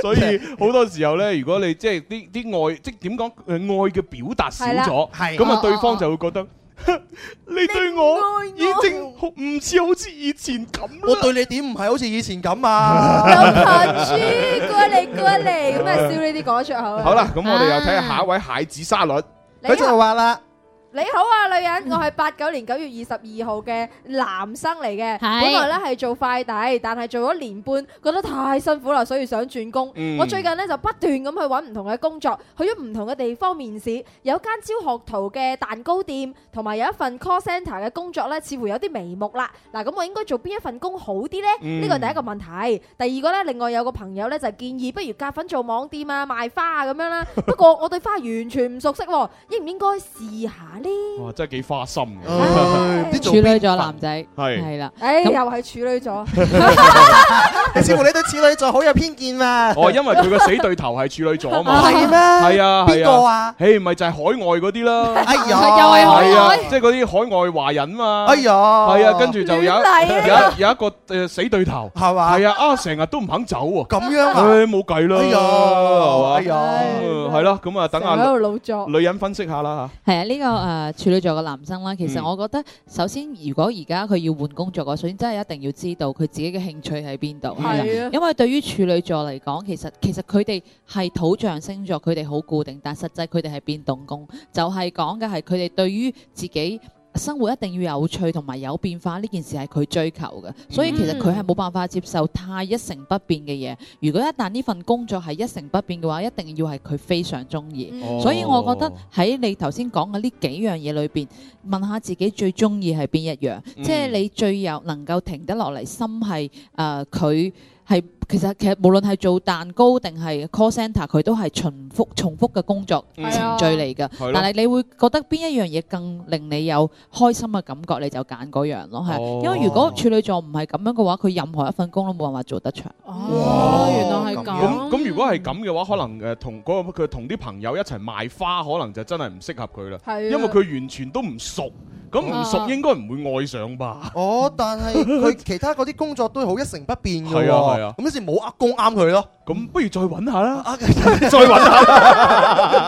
所以好多時候咧，如果你即係啲啲愛，即係點講？愛嘅表達少咗，係。咁啊，啊對方就會覺得，哈哈，你對我已經唔似好似以前咁。我對你點唔係好似以前咁啊？ 有糖豬過嚟過嚟，咁啊，笑呢啲講出口。好啦，咁我哋又睇下下一位蟹子沙律佢、啊、就話啦。你好啊，女人，我係八九年九月二十二號嘅男生嚟嘅，是本來咧係做快遞，但係做咗年半，覺得太辛苦啦，所以想轉工。嗯、我最近咧就不斷咁去搵唔同嘅工作，去咗唔同嘅地方面試，有間招學徒嘅蛋糕店，同埋有一份 call center 嘅工作咧，似乎有啲眉目啦。嗱、啊，咁我應該做邊一份工好啲呢？呢個係、嗯、第一個問題。第二個咧，另外有個朋友咧就建議，不如夾份做網店啊，賣花啊咁樣啦。 不過我對花完全唔熟悉、啊，應唔應該試下？哇，真係幾花心嘅，處女座男仔係係啦，誒，又係處女座。似乎你對處女座好有偏見嘛？哦，因為佢個死對頭係處女座嘛。係咩？係啊係啊。邊個啊？誒，咪就係海外嗰啲啦。哎呀，又係海外，即係嗰啲海外華人嘛。哎呀，係啊，跟住就有一有有一個誒死對頭，係嘛？係啊，啊，成日都唔肯走啊。咁樣啊？誒，冇計啦。哎呀，係嘛？哎呀，係咯。咁啊，等下，喺度老作女人分析下啦吓。係啊，呢個啊。啊！處女座嘅男生啦，其實我覺得，嗯、首先如果而家佢要換工作嘅，首先真係一定要知道佢自己嘅興趣喺邊度。係啊，因為對於處女座嚟講，其實其實佢哋係土象星座，佢哋好固定，但實際佢哋係變動宮，就係講嘅係佢哋對於自己，生活一定要有趣同埋有變化，呢件事係佢追求嘅，所以其實，佢係冇辦法接受太一成不變嘅嘢。如果一旦呢份工作係一成不變嘅話，一定要係佢非常中意。嗯、所以我覺得喺你頭先講嘅呢幾樣嘢裏邊，問下自己最中意係邊一樣，即係、嗯、你最有能夠停得落嚟心係誒佢。呃係，其實其實無論係做蛋糕定係 call c e n t e r 佢都係重複重複嘅工作程序嚟嘅。啊、但係你會覺得邊一樣嘢更令你有開心嘅感覺，你就揀嗰樣咯，係、啊。哦、因為如果處女座唔係咁樣嘅話，佢任何一份工都冇辦法做得長。哦，哇原來係咁。咁如果係咁嘅話，可能誒同嗰個佢同啲朋友一齊賣花，可能就真係唔適合佢啦。啊、因為佢完全都唔熟。咁唔熟應該唔會愛上吧？哦，但係佢其他嗰啲工作都好一成不變嘅。係啊係啊，咁於是冇阿公啱佢咯。咁不如再搵下啦，再搵下，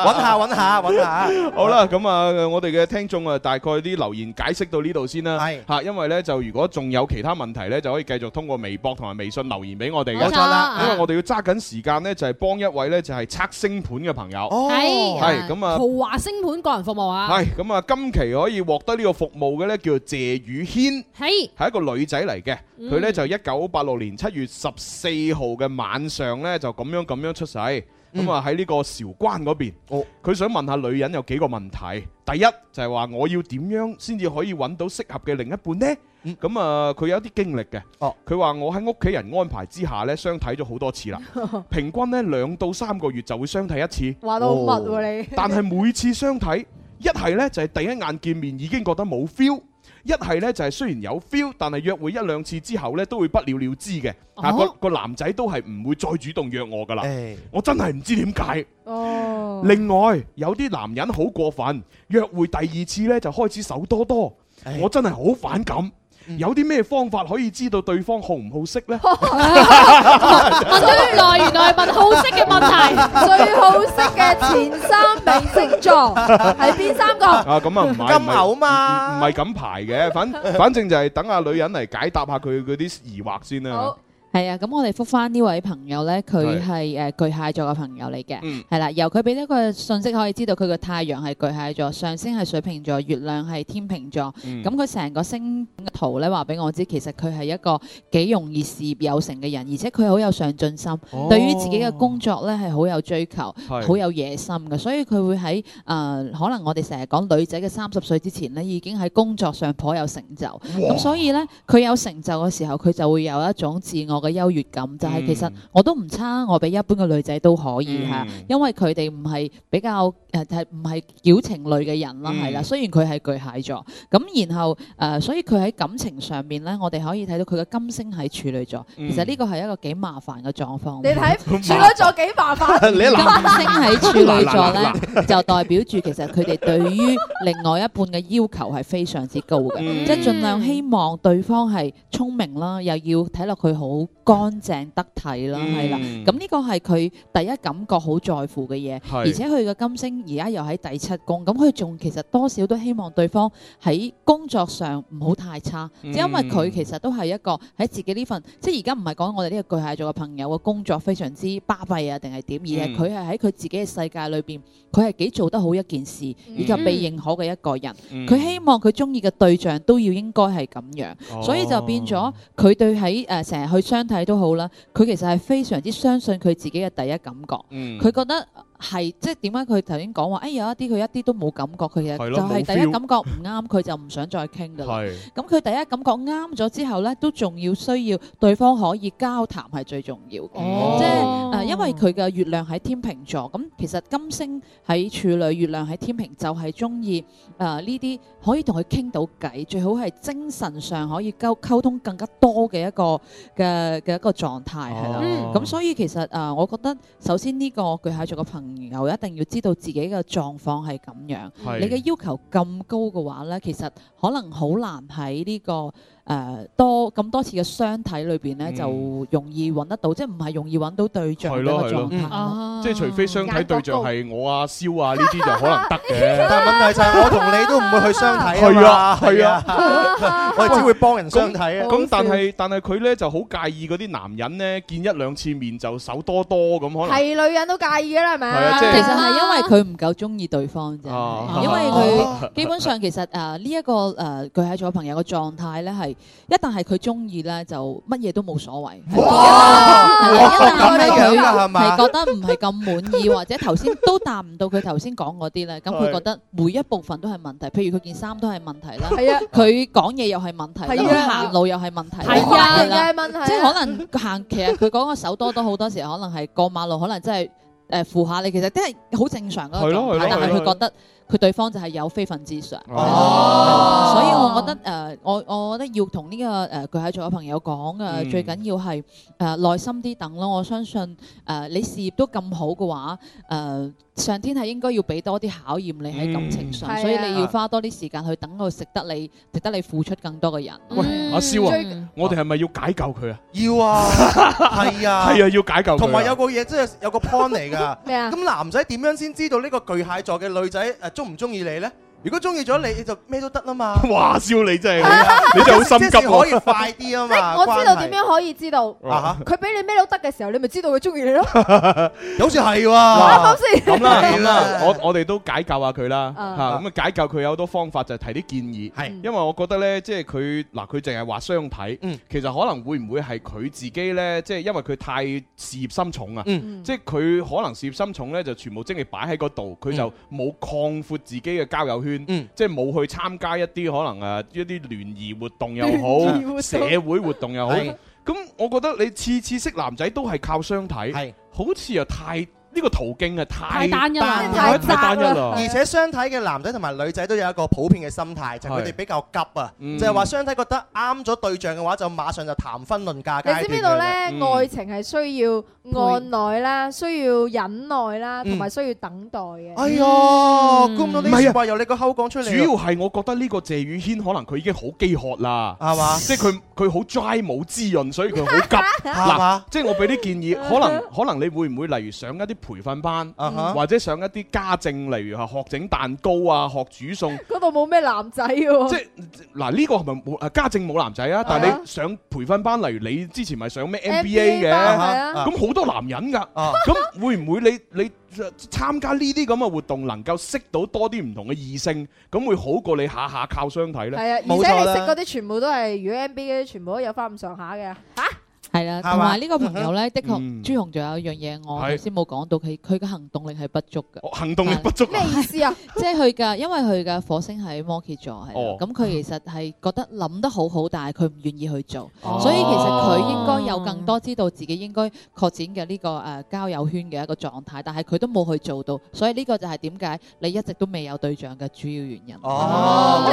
搵下搵下搵下。好啦，咁啊，我哋嘅聽眾啊，大概啲留言解釋到呢度先啦。係吓，因為咧就如果仲有其他問題咧，就可以繼續通過微博同埋微信留言俾我哋。冇錯啦，因為我哋要揸緊時間咧，就係幫一位咧就係測星盤嘅朋友。係，係咁啊，豪華星盤個人服務啊。係咁啊，今期可以獲得呢個服務嘅咧叫做謝宇軒，係係是一個女仔嚟嘅，佢呢、嗯、就一九八六年七月十四號嘅晚上呢，就咁樣咁樣出世，咁啊喺呢個韶關嗰邊，佢、哦、想問下女人有幾個問題？第一就係、是、話我要點樣先至可以揾到適合嘅另一半呢？咁啊佢有啲經歷嘅，佢話、哦、我喺屋企人安排之下呢，相睇咗好多次啦，哦、平均呢兩到三個月就會相睇一次，話到密喎你，哦、但係每次相睇。 一係呢，就係、是、第一眼見面已經覺得冇 feel，一係呢，就係、是、雖然有 feel，但係約會一兩次之後呢，都會不了了之嘅，哦、但個個男仔都係唔會再主動約我噶啦，哎、我真係唔知點解。哦、另外有啲男人好過分，約會第二次呢，就開始手多多，哎、我真係好反感。有啲咩方法可以知道對方好唔好色咧？ 問到越來原來問好色嘅問題，最好色嘅前三名星座係邊三個？啊，咁啊唔係唔係，咁厚嘛，唔係咁排嘅，反反正就係等阿女人嚟解答下佢嗰啲疑惑先啦、啊。係啊，咁我哋復翻呢位朋友呢，佢係誒巨蟹座嘅朋友嚟嘅，係啦，嗯，由佢俾一個信息可以知道佢個太陽係巨蟹座，上升係水瓶座，月亮係天秤座，咁佢成個星圖呢，話俾我知，其實佢係一個幾容易事業有成嘅人，而且佢好有上進心，哦，對於自己嘅工作呢係好有追求，好、哦、有野心嘅，所以佢會喺誒、呃，可能我哋成日講女仔嘅三十歲之前呢，已經喺工作上頗有成就，咁哇所以呢，佢有成就嘅時候，佢就會有一種自我。個優越感就係其實我都唔差，我比一般嘅女仔都可以嚇，因為佢哋唔係比較誒係唔係矯情類嘅人啦，係啦。雖然佢係巨蟹座，咁然後誒，所以佢喺感情上面咧，我哋可以睇到佢嘅金星喺處女座。其實呢個係一個幾麻煩嘅狀況。你睇處女座幾麻煩？金星喺處女座咧，就代表住其實佢哋對於另外一半嘅要求係非常之高嘅，即係盡量希望對方係聰明啦，又要睇落佢好，乾淨得體啦，係、嗯、啦，咁、嗯、呢、這個係佢第一感覺好在乎嘅嘢，而且佢嘅金星而家又喺第七宮，咁佢仲其實多少都希望對方喺工作上唔好太差，嗯、因為佢其實都係一個喺自己呢份，即係而家唔係講我哋呢個巨蟹座嘅朋友嘅工作非常之巴閉啊，定係點，而係佢係喺佢自己嘅世界裏邊，佢係幾做得好一件事，以及、嗯、被認可嘅一個人，佢、嗯、希望佢中意嘅對象都要應該係咁樣，哦、所以就變咗佢對喺誒成日去相。身體都好啦，佢其實係非常之相信佢自己嘅第一感覺，嗯，佢覺得。係，即係點解佢頭先講話？哎呀，有一啲佢一啲都冇感覺，佢其實就係第一感覺唔啱，佢就唔想再傾噶啦。係，咁佢第一感覺啱咗之後咧，都仲要需要對方可以交談係最重要嘅。哦，即係誒，因為佢嘅月亮喺天秤座，咁其實金星喺處女，月亮喺天秤，就係中意誒呢啲可以同佢傾到偈，最好係精神上可以溝溝通更加多嘅一個嘅嘅一個狀態係啦。嗯，咁所以其實誒，我覺得首先呢個巨蟹座嘅朋又一定要知道自己嘅狀況係咁樣，是你嘅要求咁高嘅話呢，其實可能好難喺呢、這個。誒多咁多次嘅相睇裏邊咧，就容易揾得到，即係唔係容易揾到對象嘅狀態。即係除非相睇對象係我啊、蕭啊呢啲就可能得嘅。但係問題就係我同你都唔會去相睇啊嘛。係啊，係啊，我哋只會幫人相睇啊。咁但係但係佢咧就好介意嗰啲男人咧，見一兩次面就手多多咁可能。係女人都介意嘅啦，係咪啊？係啊，即其實係因為佢唔夠中意對方啫，因為佢基本上其實誒呢一個誒佢喺咗朋友嘅狀態咧係。一旦係佢中意咧，就乜嘢都冇所謂。係啦，一旦係佢唔係覺得唔係咁滿意，或者頭先都答唔到佢頭先講嗰啲咧，咁佢覺得每一部分都係問題。譬如佢件衫都係問題啦，佢講嘢又係問題，行路又係問題。係啊，問題。即係可能行，其實佢講個手多多好多時，可能係過馬路，可能真係誒扶下你，其實都係好正常嗰種。係咯。但係佢覺得。佢對方就係有非分之想，所以我覺得誒，我我覺得要同呢個誒巨蟹座嘅朋友講啊，最緊要係誒耐心啲等咯。我相信誒你事業都咁好嘅話，誒上天係應該要俾多啲考驗你喺感情上，所以你要花多啲時間去等佢，食得你，值得你付出更多嘅人。喂，阿蕭啊，我哋係咪要解救佢啊？要啊，係啊，係啊，要解救。同埋有個嘢，即係有個 point 嚟㗎。咩啊？咁男仔點樣先知道呢個巨蟹座嘅女仔誒？唔中意你咧？如果中意咗你，你就咩都得啦嘛！話笑你真係，你就好心急，可以快啲啊嘛！我知道點樣可以知道，佢俾你咩都得嘅時候，你咪知道佢中意你咯。好似係喎，先咁啦啦，我我哋都解救下佢啦嚇。咁啊解救佢有好多方法，就係提啲建議。係，因為我覺得咧，即係佢嗱，佢淨係話相睇，其實可能會唔會係佢自己咧？即係因為佢太事業心重啊！即係佢可能事業心重咧，就全部精力擺喺嗰度，佢就冇擴闊自己嘅交友圈。嗯，即係冇去參加一啲可能啊，一啲聯誼活動又好，社會活動又好，咁 是的 我覺得你次次識男仔都係靠相睇，是的 好似又太。呢個途徑啊，太單一啦，而且相睇嘅男仔同埋女仔都有一個普遍嘅心態，就係佢哋比較急啊，就係話相睇覺得啱咗對象嘅話，就馬上就談婚論嫁。你知唔知道咧？愛情係需要按耐啦，需要忍耐啦，同埋需要等待嘅。哎呀，咁多啲説話由你個口講出嚟，主要係我覺得呢個謝宇軒可能佢已經好飢渴啦，係嘛？即係佢佢好 dry，冇滋潤，所以佢好急，係嘛？即係我俾啲建議，可能可能你會唔會例如上一啲培訓班，uh huh。或者上一啲家政，例如學整蛋糕啊，學煮餸，嗰度冇咩男仔喎。即係嗱，呢、這個係咪冇家政冇男仔啊？Uh huh。但係你上培訓班，例如你之前咪上咩 NBA 嘅，咁好多男人㗎。咁、uh huh。會唔會你你參加呢啲咁嘅活動，能夠識到多啲唔同嘅異性，咁會好過你下下靠相睇呢？係啊、uh，冇錯啦。而且你識嗰啲全部都係如果 NBA 全部都有翻咁上下嘅嚇。啊。係啦，同埋呢個朋友咧，的確朱紅仲有一樣嘢，我頭先冇講到佢，佢嘅行動力係不足嘅。行動力不足咩意思啊？即係佢嘅，因為佢嘅火星喺摩羯座，係啦，咁佢其實係覺得諗得好好，但係佢唔願意去做，所以其實佢應該有更多知道自己應該擴展嘅呢個誒交友圈嘅一個狀態，但係佢都冇去做到，所以呢個就係點解你一直都未有對象嘅主要原因。哦，即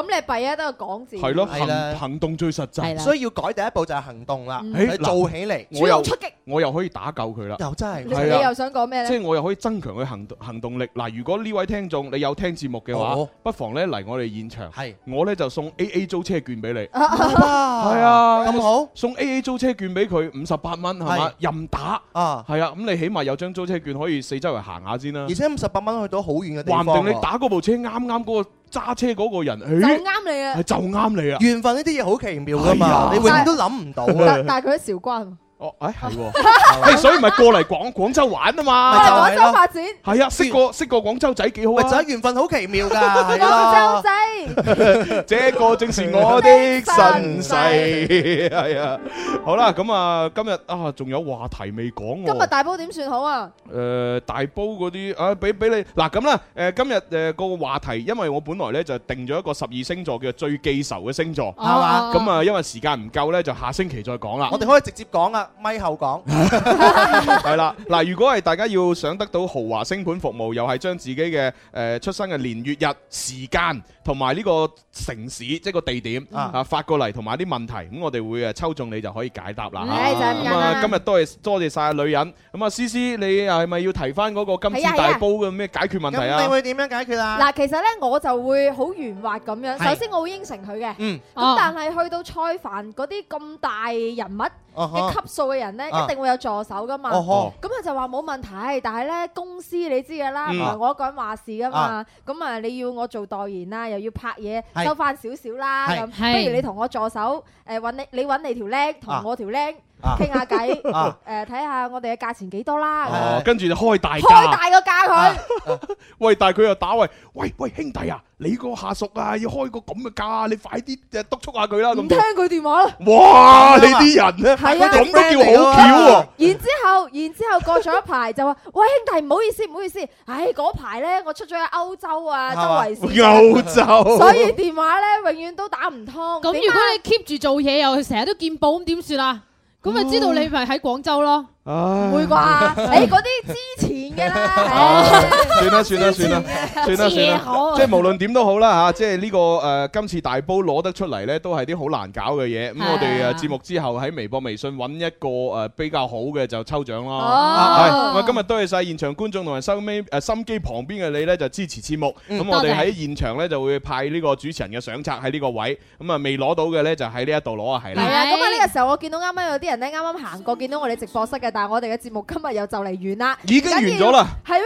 係咁，你弊喺得講字，係咯，行行動最實際，所以要改第一步就係行動啦。誒，做起嚟，我又出擊，我又可以打救佢啦，又真係，你又想講咩？即係我又可以增強佢行動行動力。嗱，如果呢位聽眾你有聽節目嘅話，不妨呢嚟我哋現場，係我呢就送 A A 租車券俾你，係啊，咁好，送 A A 租車券俾佢五十八蚊係嘛，任打啊，係啊，咁你起碼有張租車券可以四周圍行下先啦。而且五十八蚊去到好遠嘅地方，橫定你打嗰部車啱啱嗰個。揸車嗰個人，就啱你，就啱你啊！就啱你啊！緣分呢啲嘢好奇妙噶嘛，你永遠都諗唔到啊！ 但係佢喺韶關。哦，哎，係喎，所以咪過嚟廣廣州玩啊嘛，咪就係廣州發展。係啊，識個識個廣州仔幾好啊，就係緣分好奇妙噶。廣州仔，這個正是我的神細，係啊。好啦，咁啊，今日啊，仲有話題未講喎。今日大煲點算好啊？誒，大煲嗰啲啊，俾俾你嗱咁啦。誒，今日誒個話題，因為我本來咧就定咗一個十二星座嘅最記仇嘅星座，係嘛。咁啊，因為時間唔夠咧，就下星期再講啦。我哋可以直接講啦。咪後講，係啦，嗱，如果係大家要想得到豪華星盤服務，又係將自己嘅誒、呃、出生嘅年月日時間。同埋呢個城市，即係個地點啊，發過嚟同埋啲問題，咁我哋會誒抽中你就可以解答啦。咁啊，今日多謝多謝曬女人。咁啊，思思你係咪要提翻嗰個金錢大煲嘅咩解決問題啊？咁你會點樣解決啊？嗱，其實咧我就會好圓滑咁樣，首先我會應承佢嘅。嗯。咁但係去到蔡凡嗰啲咁大人物嘅級數嘅人咧，一定會有助手噶嘛。哦呵。咁啊就話冇問題，但係咧公司你知嘅啦，唔係我一個人話事噶嘛。咁啊，你要我做代言啦。又要拍嘢，是收翻少少啦咁，是不如你同我助手，誒揾是、呃、你，你揾你條僆，同我條僆。啊傾下偈，誒，睇下我哋嘅價錢幾多啦。哦，跟住就開大開大個價佢。喂，但係佢又打喂喂喂，兄弟啊，你個下屬啊要開個咁嘅價，你快啲誒督促下佢啦。唔聽佢電話啦。哇，你啲人咧，係啊，咁都叫好巧啊。然之後，然之後過咗一排就話，喂，兄弟，唔好意思，唔好意思，唉，嗰排咧我出咗去歐洲啊，周圍歐洲，所以電話咧永遠都打唔通。咁如果你 keep 住做嘢又成日都見報咁點算啊？咁咪知道你咪喺廣州咯。唔會啩？誒嗰啲之前嘅啦，算啦算啦算啦，算啦算啦，即係無論點都好啦嚇，即係呢個誒今次大煲攞得出嚟咧，都係啲好難搞嘅嘢。咁我哋誒節目之後喺微博、微信揾一個誒比較好嘅就抽獎囉。哦，我今日多謝晒現場觀眾同埋收尾誒心機旁邊嘅你咧，就支持節目。咁我哋喺現場咧就會派呢個主持人嘅相冊喺呢個位。咁啊未攞到嘅咧就喺呢一度攞，啊係啦。係啊，咁啊呢個時候我見到啱啱有啲人咧啱啱行過，見到我哋直播室嘅。但係我哋嘅節目今日又就嚟完啦，已經完咗啦，係咩？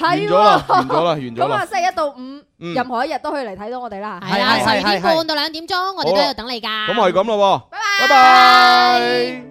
完咗啦，完咗完咗啦。咁啊，嗎 星期一到五，任何一日都可以嚟睇到我哋啦。係、嗯、 啊，十二點半到兩點鐘， 吧我哋都要等你噶。咁啊，係咁咯。拜拜拜拜。